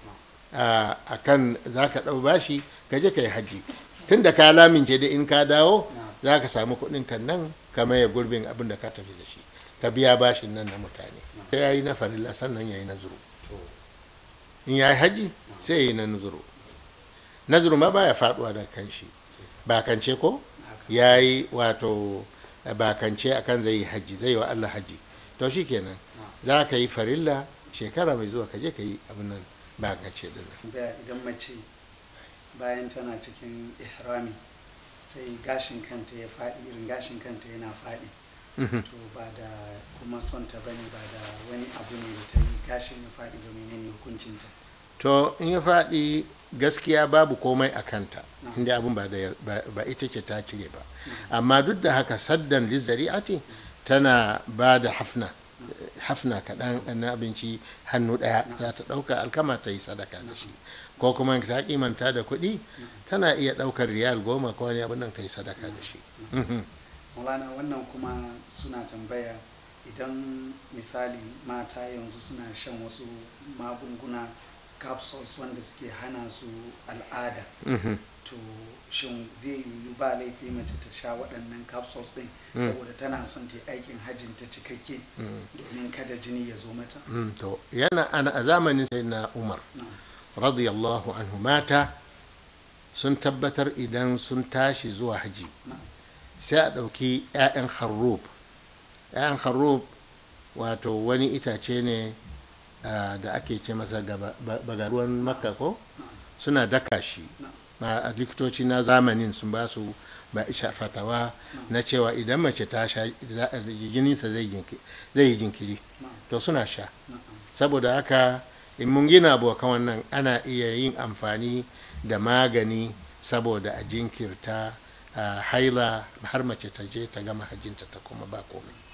a kan za ka ɗau bashi ka je ka yi haji tunda ka lamince da in ka dawo za ka samu kuɗin kan nan ka maye gurbin abin da ka tafi da shi ka biya bashin nan na mutane sai ya yi na farilla sannan ya yi na in ya yi haji sai ya yi na nuzuru nazuru ma baya faduwa da kan shi bakance ko ya yi wato eh, bakance akan zai yi hajji zai yi wa allah hajji to shi kenan za ka yi farilla shekara mai zuwa ka je ka yi abin nan bakance din idan mace bayan tana cikin ihrami sai gashin kanta ya faɗi irin gashin kanta yana faɗi mhm. to ba da kuma son ta bane ba da wani abu ne da ta yi gashin ya faɗi ba menene hukuncinta to in ya faɗi gaskiya babu komai a kanta inda abin ba ita ce ta cire ba amma duk da haka saddan lizzari'ati tana ba da hafna hafna kaɗan na abinci hannu ɗaya za ta ɗauka alkama ta yi sadaka da shi ko kuma ta kimanta da kuɗi tana iya ɗaukar riyal goma ko wani abin nan ta yi sadaka da shi mhm. Maulana wannan kuma suna tambaya idan misali mata yanzu suna shan wasu magunguna capsules wanda suke hana su al'ada mm-hmm. to shin zai yiwu ba laifi mace ta sha waɗannan capsules ɗin mm. saboda tana son ta aikin hajjin ta cikakke mm. domin kada jini ya zo mata mm, to yana ana a zamanin sai na umar radiyallahu anhu mata sun tabbatar idan sun tashi zuwa haji sai a ɗauki 'ya'yan harrob 'ya'yan harrob wato wani itace ne da ake ce masa bagaruwan makka ko suna daka shi a likitoci na zamanin sun ba su ba isha fatawa na cewa idan mace ta sha jininsa zai yi jinkiri to suna sha saboda haka in mun gina abokan wannan ana iya yin amfani da magani saboda a jinkirta haila har mace ta je ta gama hajjinta ta kuma ba komai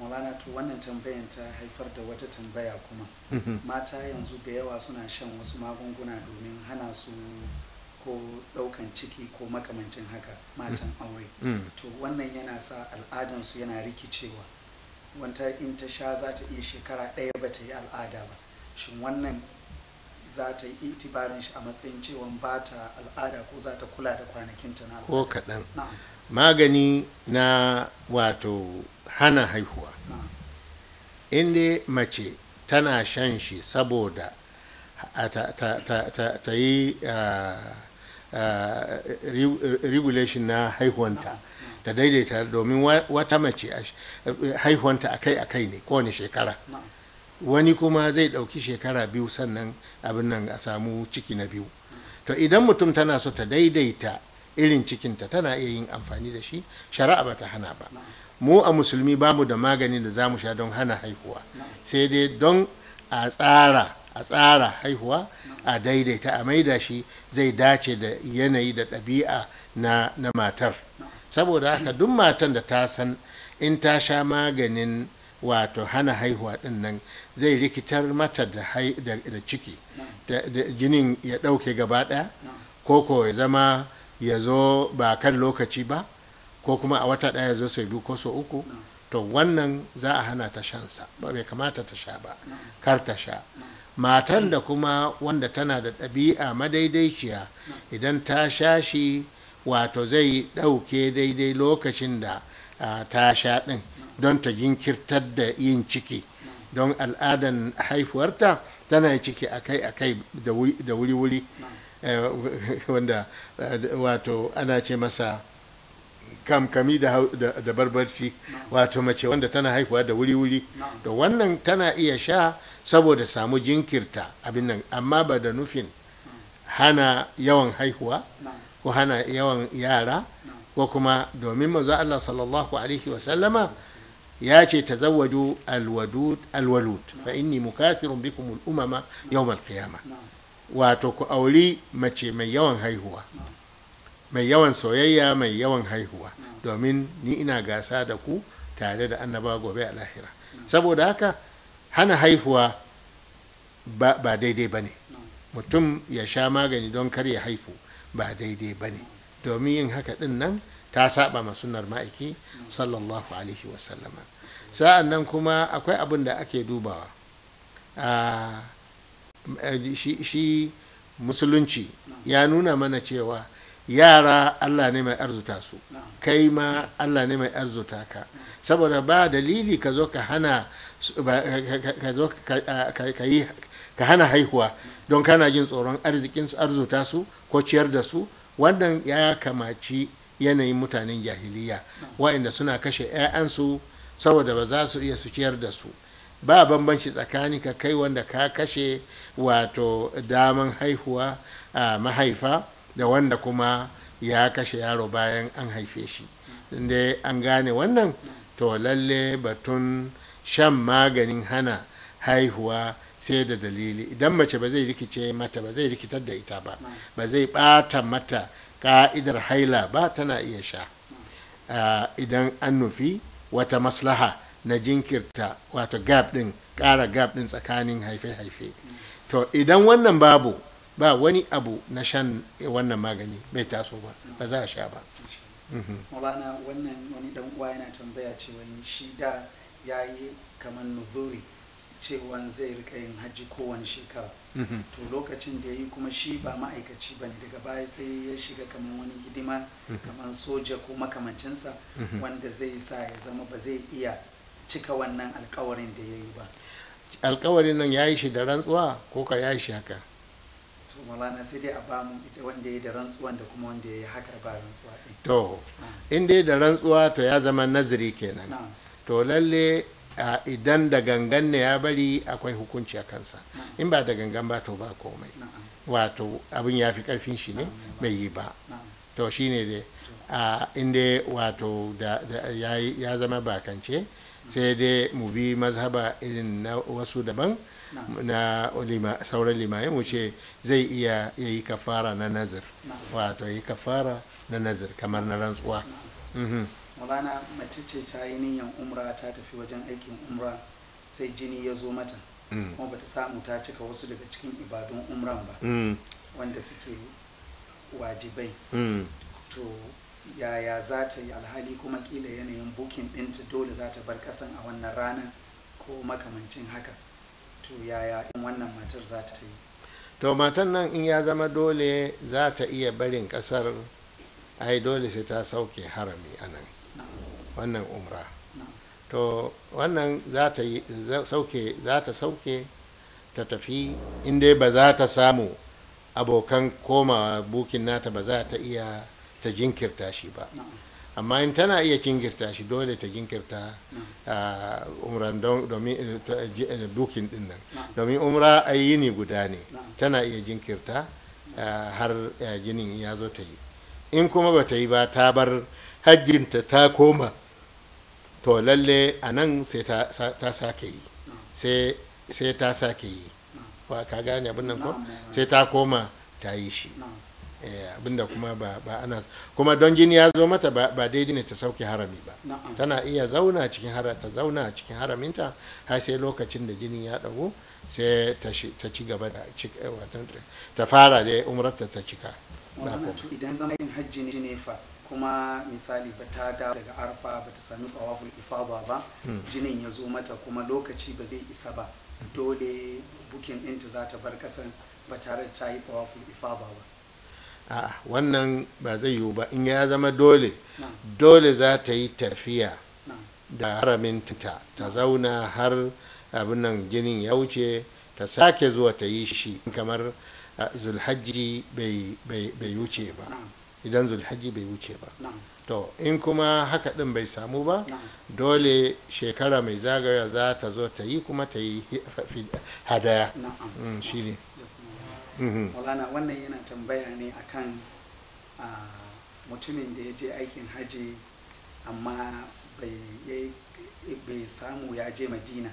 maulana to wannan tambayan ta haifar da wata tambaya kuma mhm. mata yanzu da yawa suna shan wasu magunguna domin hana su ko ɗaukan ciki ko makamancin haka matan mm. aure mm. to wannan yana sa al'adansu yana rikicewa wanta in ta sha za ta iya shekara ɗaya ba ta yi al'ada ba shin wannan za ta yi itibarin shi a matsayin cewa ba ta al'ada ko za ta kula da kwanakinta na ko kaɗan magani na wato hana haihuwa inda mace tana shan shi saboda ta yi regulation na haihuwanta ta daidaita domin wata mace haihuwanta akai-akai ne kowane shekara wani kuma zai ɗauki shekara biyu sannan abin nan a samu ciki na biyu to idan mutum tana so ta daidaita irin cikinta tana iya yin amfani da shi shari'a ba ta hana ba mu a musulmi ba da magani da za mu sha don hana haihuwa sai dai don a tsara a tsara haihuwa a daidaita a maida shi zai dace da yanayi da ɗabi'a na, na matar saboda haka duk matan da ta san in ta sha maganin wato hana haihuwa din nan zai rikitar mata da, ciki da, jinin ya ɗauke gaba ɗaya ko ya zama ya zo ba kan lokaci ba ko kuma a wata ɗaya zo sau biyu ko sau uku to wannan za a hana ta shansa ba bai kamata ta sha ba kar ta sha matan da kuma wanda tana da ɗabi'a madaidaiciya idan ta sha shi wato zai ɗauke daidai lokacin da ta sha ɗin don ta jinkirtar da yin ciki don al'adan haifuwarta tana ciki akai-akai da wuri-wuri eh, wanda eh, wato ana ce masa kamkami da da barbarci wato mace wanda tana haihuwa da wuri-wuri da wannan tana iya sha saboda samu jinkirta abin nan amma ba da nufin hana yawan haihuwa ko hana yawan yara ko kuma domin maza Allah sallallahu alaihi wasallama ya ce ta alwadud alwalud fa inni mukathirun bikum al-umama yawm al wato ku auri mace mai yawan haihuwa mai yawan soyayya mai yawan haihuwa domin ni ina gasa da ku tare da annaba gobe a lahira saboda haka hana haihuwa ba daidai ba ne mutum ya sha magani don kar ya haifu ba daidai ba ne domin yin haka din nan ta saba ma sunnar ma'aiki sallallahu alaihi wasallama sa'an nan kuma akwai abin da ake dubawa shi musulunci ya nuna mana cewa yara allah ne mai arzuta su kai ma allah ne mai arzuta ka saboda ba dalili ka zo ka hana ka hana haihuwa don kana jin tsoron arzikin su arzuta su ko ciyar da su wannan ya kamaci yanayin mutanen jahiliya wa'inda suna kashe 'ya'yansu saboda ba za su iya su ciyar da su ba bambanci tsakani ka kai wanda ka kashe wato daman haihuwa a ah, mahaifa da wanda kuma ya kashe yaro bayan an haife shi inda an gane wannan to lalle batun shan maganin hana haihuwa sai da dalili idan mace ba zai rikice mata ba zai rikitar da ita ba ba zai bata mata ka'idar haila ba tana iya sha idan an nufi wata maslaha na jinkirta wato gab din kara gab din tsakanin haife-haife to idan wannan babu ba wani abu na shan wannan magani mai taso ba ba za a sha ba mhm. maulana wannan wani dan uwa yana tambaya cewa shi da ya yi kamar nuzuri cewa zai rika yin hajji kowane shekara mhm. to lokacin da ya yi kuma shi ba ma'aikaci ba ne daga baya sai ya shiga kamar wani hidima mhm. kamar soja ko makamancinsa wanda zai sa ya zama ba zai iya cika wannan alkawarin da ya yi ba alkawarin nan ya yi shi da rantsuwa ko ka ya yi shi haka su malana sai dai a ba mu ita wanda ya da rantsuwan da kuma wanda ya haka ba rantsuwa ɗin to in dai da rantsuwa to ya zama nazari kenan to lalle idan da gangan ne ya bari akwai hukunci a kansa in ba da gangan ba to ba komai wato abin ya fi karfin shi ne bai yi ba to shine dai a inda wato ya zama bakance sai dai mu bi mazhaba irin na wasu daban na sauran limaye mu ce zai iya ya yi kafara na nazir wato yi kafara na nazir kamar na rantsuwa mulana mhm. mace ce ta yi niyan umra ta tafi wajen aikin umra sai jini ya zo mata mm. kuma bata samu ta cika wasu daga cikin ibadun umran ba mm. wanda suke wajibai mm. to yaya za ta yi alhali kuma kila yanayin bukin ɗinta dole za ta bar ƙasan a wannan ranar ko makamancin haka to yaya wannan matar za ta yi to matan nan in ya zama dole za ta iya barin kasar ai dole sai ta sauke harami a nan wannan umra to wannan za ta sauke za ta sauke ta tafi inda ba za ta samu abokan komawa bukin nata ba za ta iya ta jinkirta shi ba amma in tana iya kinkirta shi dole ta jinkirta ah, umran domin dukin eh, eh, din nan domin umra a ne guda ne tana iya jinkirta ah, har eh, jinin ya zo ta yi in kuma ba ta yi ba ta bar hajjinta ta koma to lalle a nan sai ta sake yi sai ta sake yi ka gane abin nan ko sai ta koma ta yi shi Eh, abinda kuma ba ana kuma don jini ya zo mata ba daidai ne ta sauke harami ba tana iya zauna cikin ta zauna cikin haraminta har sai lokacin da jini ya dago sai ta ci gaba da eh, ta fara da umrarta ta cika idan zama yin hajji ne fa kuma misali ba ta dawo daga arfa ba ta sami tawaful ifada ba hmm. jinin ya zo mata kuma lokaci ba zai isa ba hmm. dole bukin ɗinta za ta bar kasan ba tare da ta yi tawaful ifada ba a wannan ba zai yiwu ba in ya zama dole dole za ta yi tafiya da haraminta ta zauna har abinan ginin ya wuce ta sake zuwa ta yi shi kamar zulhajji bai wuce ba idan zulhajji bai wuce ba to in kuma haka din bai samu ba dole shekara mai zagaya za ta zo ta yi kuma ta yi hadaya mm, shi ne Mm-hmm. maulana wannan yana tambaya ne akan mutumin da ya je aikin haji amma bai samu ya je madina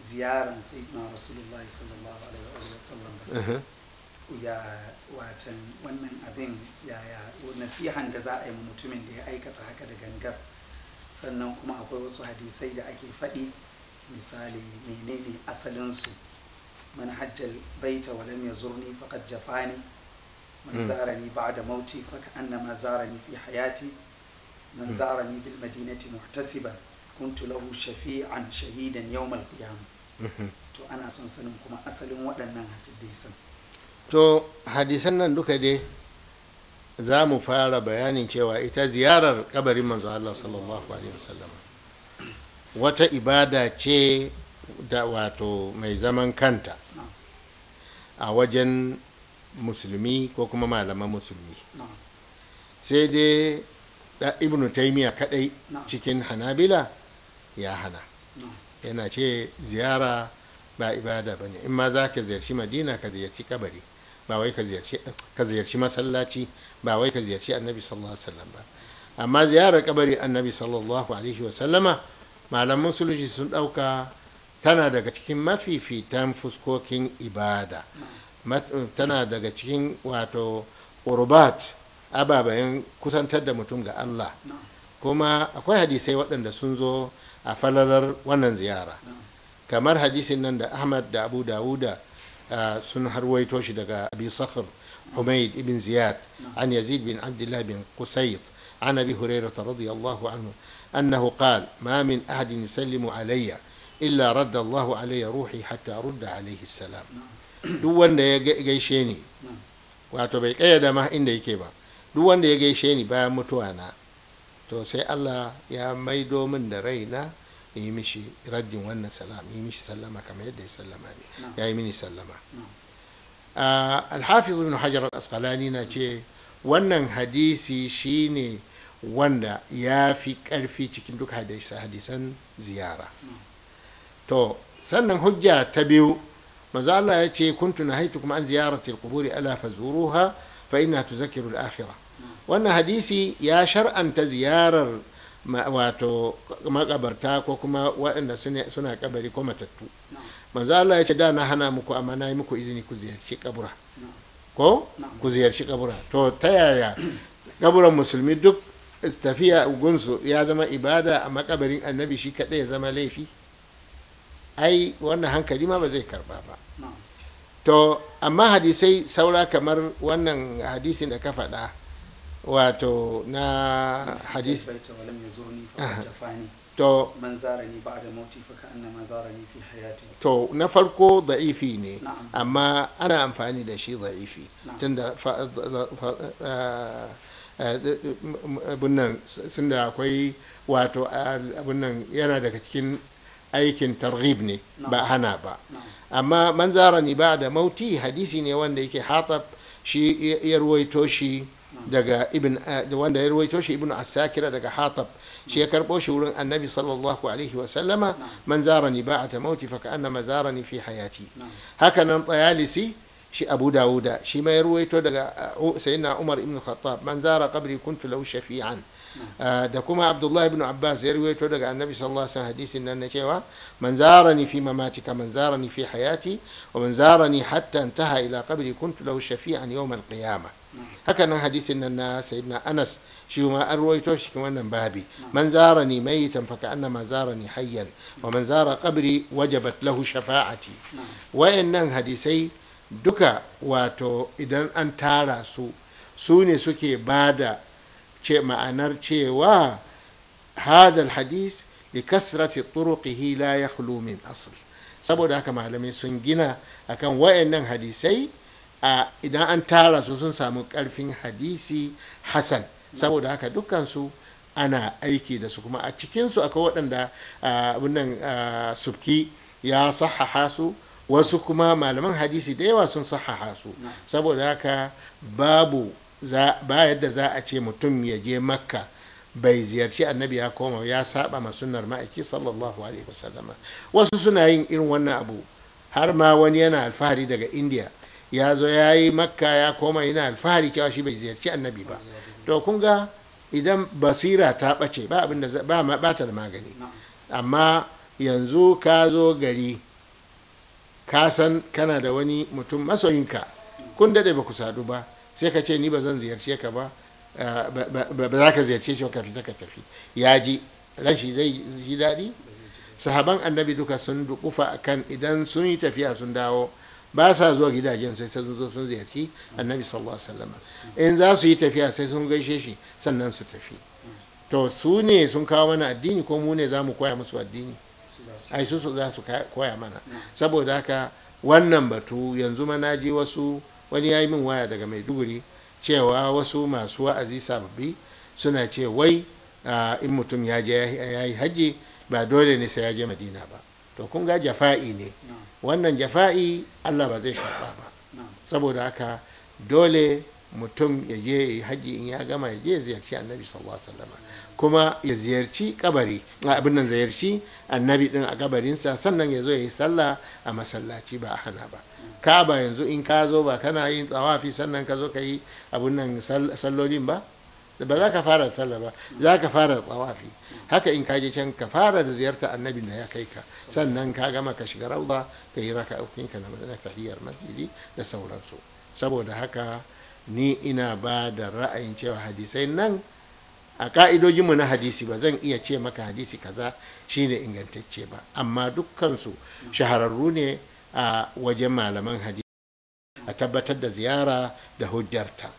ziyaran sayyidina rasulullah sallallahu alaihi wa sallam uh-huh. ya watan wannan abin yaya nasihan da za a yi mutumin da ya aikata haka da gangar sannan kuma akwai wasu hadisai da ake faɗi misali menene asalinsu man hajjal baita wa lam yazurni faqad jafani man hmm. zarani ba'da mauti faka annama zarani fi hayati man hmm. zarani bil madinati muhtasiban kuntu lahu shafi'an shahidan yawmal qiyamah mhm. to ana son sanin kuma asalin waɗannan hadisan to hadisan nan duka dai za mu fara bayanin cewa ita ziyarar kabarin manzo Allah sallallahu wata ibada ce da wato mai zaman kanta a wajen musulmi ko kuma malaman musulmi sai dai da ibnu taimiyya kadai cikin hanabila ya hana yana ce ziyara ba ibada ba ne in ma za ka ziyarci madina ka ziyarci kabari ba wai ka ziyarci masallaci ba wai ka ziyarci annabi sallallahu alaihi wasallam ba amma ziyarar kabari annabi sallallahu alaihi wasallama malaman suluji sun dauka tana daga cikin mafifitan fuskokin ibada tana daga cikin wato urbat ababen kusantar da mutum ga Allah kuma akwai hadisai waɗanda sun zo a falalar wannan ziyara kamar hadisin nan da ahmad da abu dawuda sun harwaito shi daga abi safar humaid ibn ziyad an yazid bin abdullah bin qusayt an abi hurairah radiyallahu anhu annahu qala ma min ahadin yusallimu alayya illa radda Allahu alayya ruhi hatta rudda alayhi salam duk wanda ya gaishe ni wato bai da ma inda yake ba duk wanda ya gaishe ni bayan mutuwa na to sai Allah ya maido min da raina ya yi mishi raddin wannan salam ya yi mishi sallama kamar yadda ya sallama ne ya yi mini sallama alhafiz ibn hajar al-asqalani na ce wannan hadisi shine wanda ya fi karfi cikin duk hadisan ziyara to sannan hujja ta biyu manzo Allah ya ce kuntu nahaytukum an ziyarati alqubur ala fazuruha fa tuzakkiru al-akhirah wannan hadisi ya shar'anta ziyarar wato makabarta ko kuma waɗanda suna kabari ko matattu manzo Allah ya ce da na hana muku amma na yi muku izini ku ziyarci kabura ko ku ziyarci kabura to ta yaya kaburan musulmi duk tafiya gunsu ya zama ibada a makabarin annabi shi kaɗai ya zama laifi ai wannan hankali ma ba zai karba ba to amma hadisai saura kamar wannan hadisin da ka faɗa wato na hadis to to na farko da'ifi ne amma ana amfani da shi za'ifi tunda abin nan sun da akwai wato abin nan yana daga cikin aikin targhib ne ba hana ba amma man zara ni ba da mauti hadisi ne wanda yake hatab shi ya ruwaito shi daga ibn wanda ya ruwaito shi ibn asakira daga hatab shi ya karbo shi wurin annabi sallallahu alaihi wa sallama man zara ni ba da mauti fa annama zara ni fi hayati haka nan tayalisi shi abu dawuda shi ma ya ruwaito daga sayyidina umar ibn khattab man zara qabri kuntu lahu shafi'an Ah, da kuma abdullahi ibn abbas ya rawaito daga annabi sallallahu alaihi wasallam hadisin nan na cewa man zarani fi mamatika man zarani fi hayati wa man zarani hatta intaha ila qabri kuntu lahu shafi'an yawm al-qiyamah haka nan hadisin nan na sayyidina anas shi ma an rawaito shi cikin wannan babi man zarani mayitan fa ka'annama zarani hayyan wa man zara qabri wajabat lahu shafa'ati wayannan hadisai duka wato idan an tara su su ne suke bada ce ma'anar cewa hadal hadis li kasrati turuqihi la yakhlu min asl saboda haka malamai sun gina akan wayannan hadisai a idan an tara su sun samu karfin hadisi hasan saboda haka dukkansu ana aiki da su kuma a cikinsu akwai waɗanda abinnan subki ya sahaha su wasu kuma malaman hadisi da yawa sun sahaha su saboda haka babu ba yadda za a ce mutum ya je makka bai ziyarci annabi ya koma ya saba ma sunnar ma'aiki sallallahu alaihi wasallama wasu suna yin irin wannan abu har ma wani yana alfahari daga india ya zo ya yi makka ya koma yana alfahari cewa shi bai ziyarci annabi ba to kun ga idan basira ta ɓace ba abin da ba ba da magani amma yanzu ka zo gari ka san kana da wani mutum masoyinka kun dade ba ku sadu ba sai ka ce ni ba zan ziyarce ka ba eh, ba za ka ziyarce shi ka fita ka tafi ya ji rashi zai ji daɗi sahaban annabi duka sun dukufa kan idan sun yi tafiya sun dawo ba sa zuwa gidajen sai sun zo sun ziyarci annabi sallallahu alaihi wasallam in za su yi tafiya sai sun gaishe shi sannan su tafi to su ne sun kawo mana addini ko mu ne za mu koya musu addini ai su za su koya mana saboda haka wannan batu yanzu mana ji wasu wani ya yi min waya daga maiduguri cewa wasu masu wa'azi sababbi suna ce wai in mutum ya je ya yi hajji ba dole ne sai ya je madina ba to kun ga jafa'i ne wannan jafa'i allah ba zai shaɓa ba saboda haka dole mutum ya je ya yi hajji in ya gama ya je ziyarci annabi sallallahu alaihi wasallam kuma ya ziyarci kabari abin nan ziyarci annabi din a kabarinsa sannan ya zo ya yi sallah a masallaci ba a hana ba ka ba yanzu in ka zo ba kana yin tsawafi sannan ka zo ka yi abin nan sallolin ba ba za ka fara sallah ba za ka fara tsawafi haka in ka je can ka fara da ziyarta annabi da ya kai ka sannan ka gama ka shiga rauda ka yi raka ka na tahiyyar masjidi da sauransu saboda haka ni ina ba da ra'ayin cewa hadisai nan a ka'idojinmu na hadisi ba zan iya ce maka hadisi kaza shi ne ingantacce ba amma dukkansu shahararru ne a wajen malaman hadisi a tabbatar da ziyara da hujjarta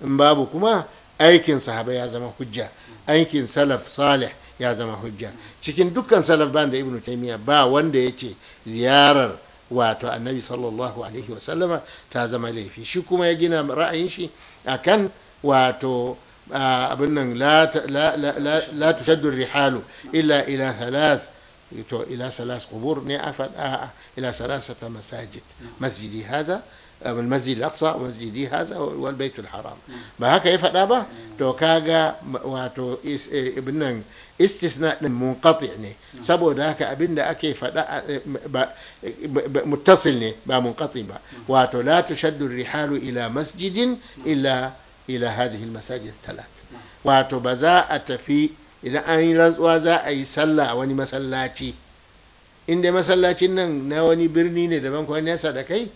in babu kuma aikin sahaba ya zama hujja aikin salaf salih ya zama hujja cikin dukkan salaf ban da ibnu taimiyya ba wanda ya ce ziyarar wato annabi sallallahu alaihi wasallama ta zama laifi shi kuma ya gina ra'ayin shi akan wato آه، لا لا لا لا, تشد الرحال إلا إلى ثلاث إلى ثلاث قبور آه، آه، إلى ثلاثة مساجد مسجدي هذا المسجد الأقصى ومسجدي هذا والبيت الحرام بهاك كيف أبا تو كاجا وتو ابن إيه، استثناء منقطع يعني سبوا ذاك ابن كيف متصل با منقطع وتو لا تشد الرحال إلى مسجد إلا ila hadhihi almasajid talat wato ba za a tafi idan an yi rantsuwa za a yi sallah a wani masallaci in dai masallacin nan na wani birni ne daban ko nesa da kai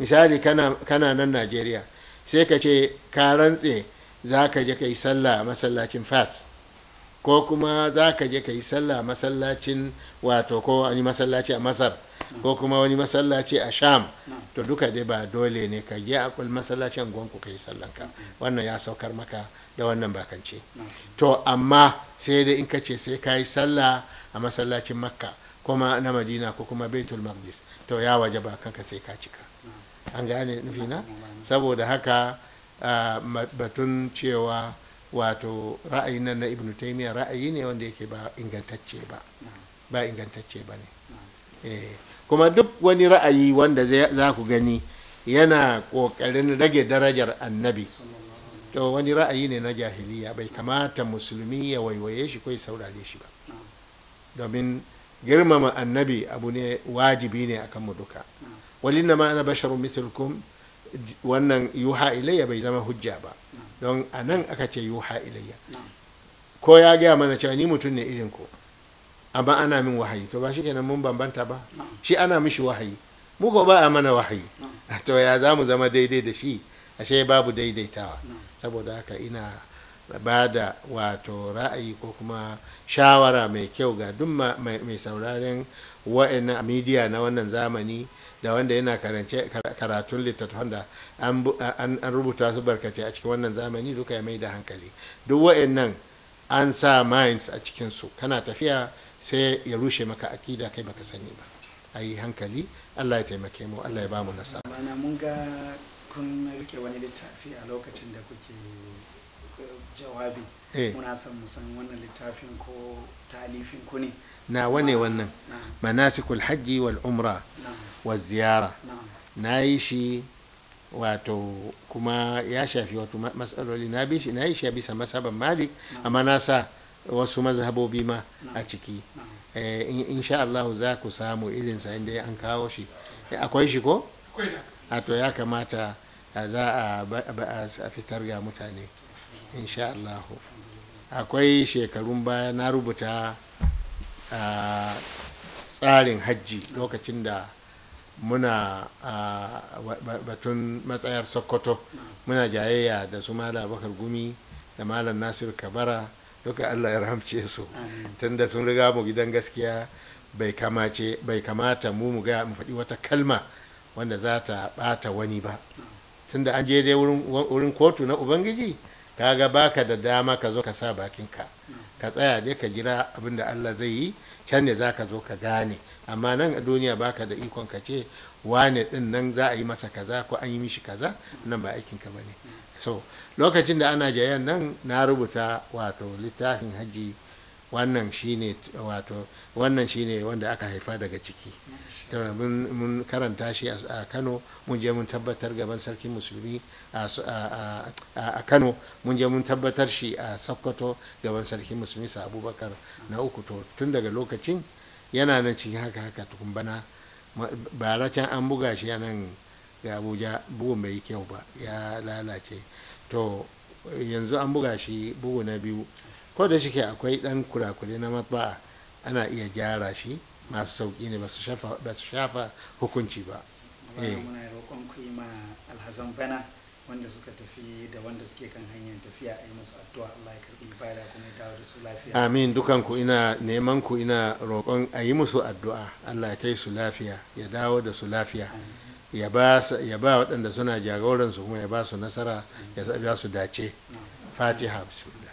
misali kana nan Najeriya sai ka ce ka rantse za ka je ka yi sallah a masallacin fas ko kuma za ka je ka yi sallah a masallacin wato ko wani masallaci a masar ko kuma wani masallaci a sham to duka dai ba dole ne ka je akwai masallacin gwanku ka sallanka wannan ya saukar maka da wannan bakance to amma sai dai in ka ce sai ka yi sallah a masallacin makka kuma na madina ko kuma baitul maqdis to ya waje ba kanka sai ka cika an gane na? saboda haka batun cewa wato ra'ayin nan na Ibn taymiya ra'ayi ne wanda yake ba ingantacce ba ba ingantacce ba ne eh. kuma duk wani ra'ayi wanda za ku gani yana ƙoƙarin rage darajar annabi to wani ra'ayi ne na jahiliya bai kamata musulmi ya waiwaye shi ko saurare shi ba domin girmama annabi abu ne wajibi ne akan mu duka walinna ma ana basharun misalkum wannan yuha ilayya bai zama hujja ba don a nan aka ce yuha ilayya ko ya gaya mana cewa ni mutum ne irin ku amma ana min wahayi to ba shi kenan mun bambanta ba shi ana mishi wahayi mu ko ba a mana wahayi to ya za mu zama daidai da shi ashe babu daidaitawa saboda haka ina ba da wato ra'ayi ko kuma shawara mai kyau ga duk mai sauraren wa'annan midiya na wannan zamani da wanda yana karatun littattafan da an rubuta su barkace a cikin wannan zamani duka ya mai da hankali duk wa'annan an sa minds a cikinsu kana tafiya sai ya rushe maka akida kai baka sani ba a yi hankali allah ya taimake mu allah ya ba mu nasara mana mun ga kun rike wani littafi a lokacin da kuke eh, jawabi eh. muna son mu san wannan littafin ko talifin ku ne na wane wannan manasikul hajji wal umra wa ziyara na yi shi wato kuma ya shafi wato matsaloli na bi shi na yi shi a bisa masaban malik amma na sa wasu mazhabobi ma a ciki eh, insha Allah za ku samu irinsa inda an kawo shi akwai shi ko? a to ya kamata za a fitar ga mutane insha Allah akwai shekarun baya na rubuta tsarin hajji lokacin da muna batun matsayar sokoto muna jayayya da su mala bakar gumi da malam nasiru kabara duka allah ya rahamce su tunda sun riga mu gidan gaskiya bai kamata mu mu gaya mu faɗi wata kalma wanda za ta ɓata wani ba tunda an je dai wurin kotu na ubangiji ka ga baka da dama ka zo ka sa bakinka ka tsaya dai ka jira abin da allah zai yi can ne za ka zo ka gane amma nan a duniya baka da ikon ka ce wane din nan za a yi masa kaza ko an yi mishi kaza nan ba aikinka ba ne so lokacin da ana jayen nan na rubuta wato littafin hajji wannan shine wato wannan shine wanda aka haifa daga ciki mun karanta shi a kano mun je mun tabbatar gaban sarkin musulmi a kano mun je mun tabbatar shi a sokoto gaban sarkin musulmi sa abubakar na uku to tun daga lokacin yana nan cikin haka haka tukun bana baracen can an buga shi a nan ga abuja bugun bai yi kyau ba ya lalace to yanzu an buga shi bugu na biyu ko da shike akwai dan kurakure na matba'a ana iya gyara shi masu sauki ne ba su shafa hukunci ba eh. muna roƙon ku yi ma alhazan bana wanda suka tafi da wanda suke kan hanyar tafiya a yi musu addu'a Allah ya karbi ibada kuma ya dawo da su lafiya amin dukan ku ina neman ku ina roƙon a yi musu addu'a Allah ya kai su lafiya ya dawo da su lafiya ya ba waɗanda suna jagoransu kuma ya ba su nasara ya ba su dace fatiha bismillah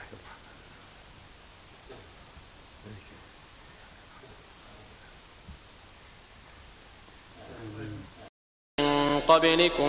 قبلكم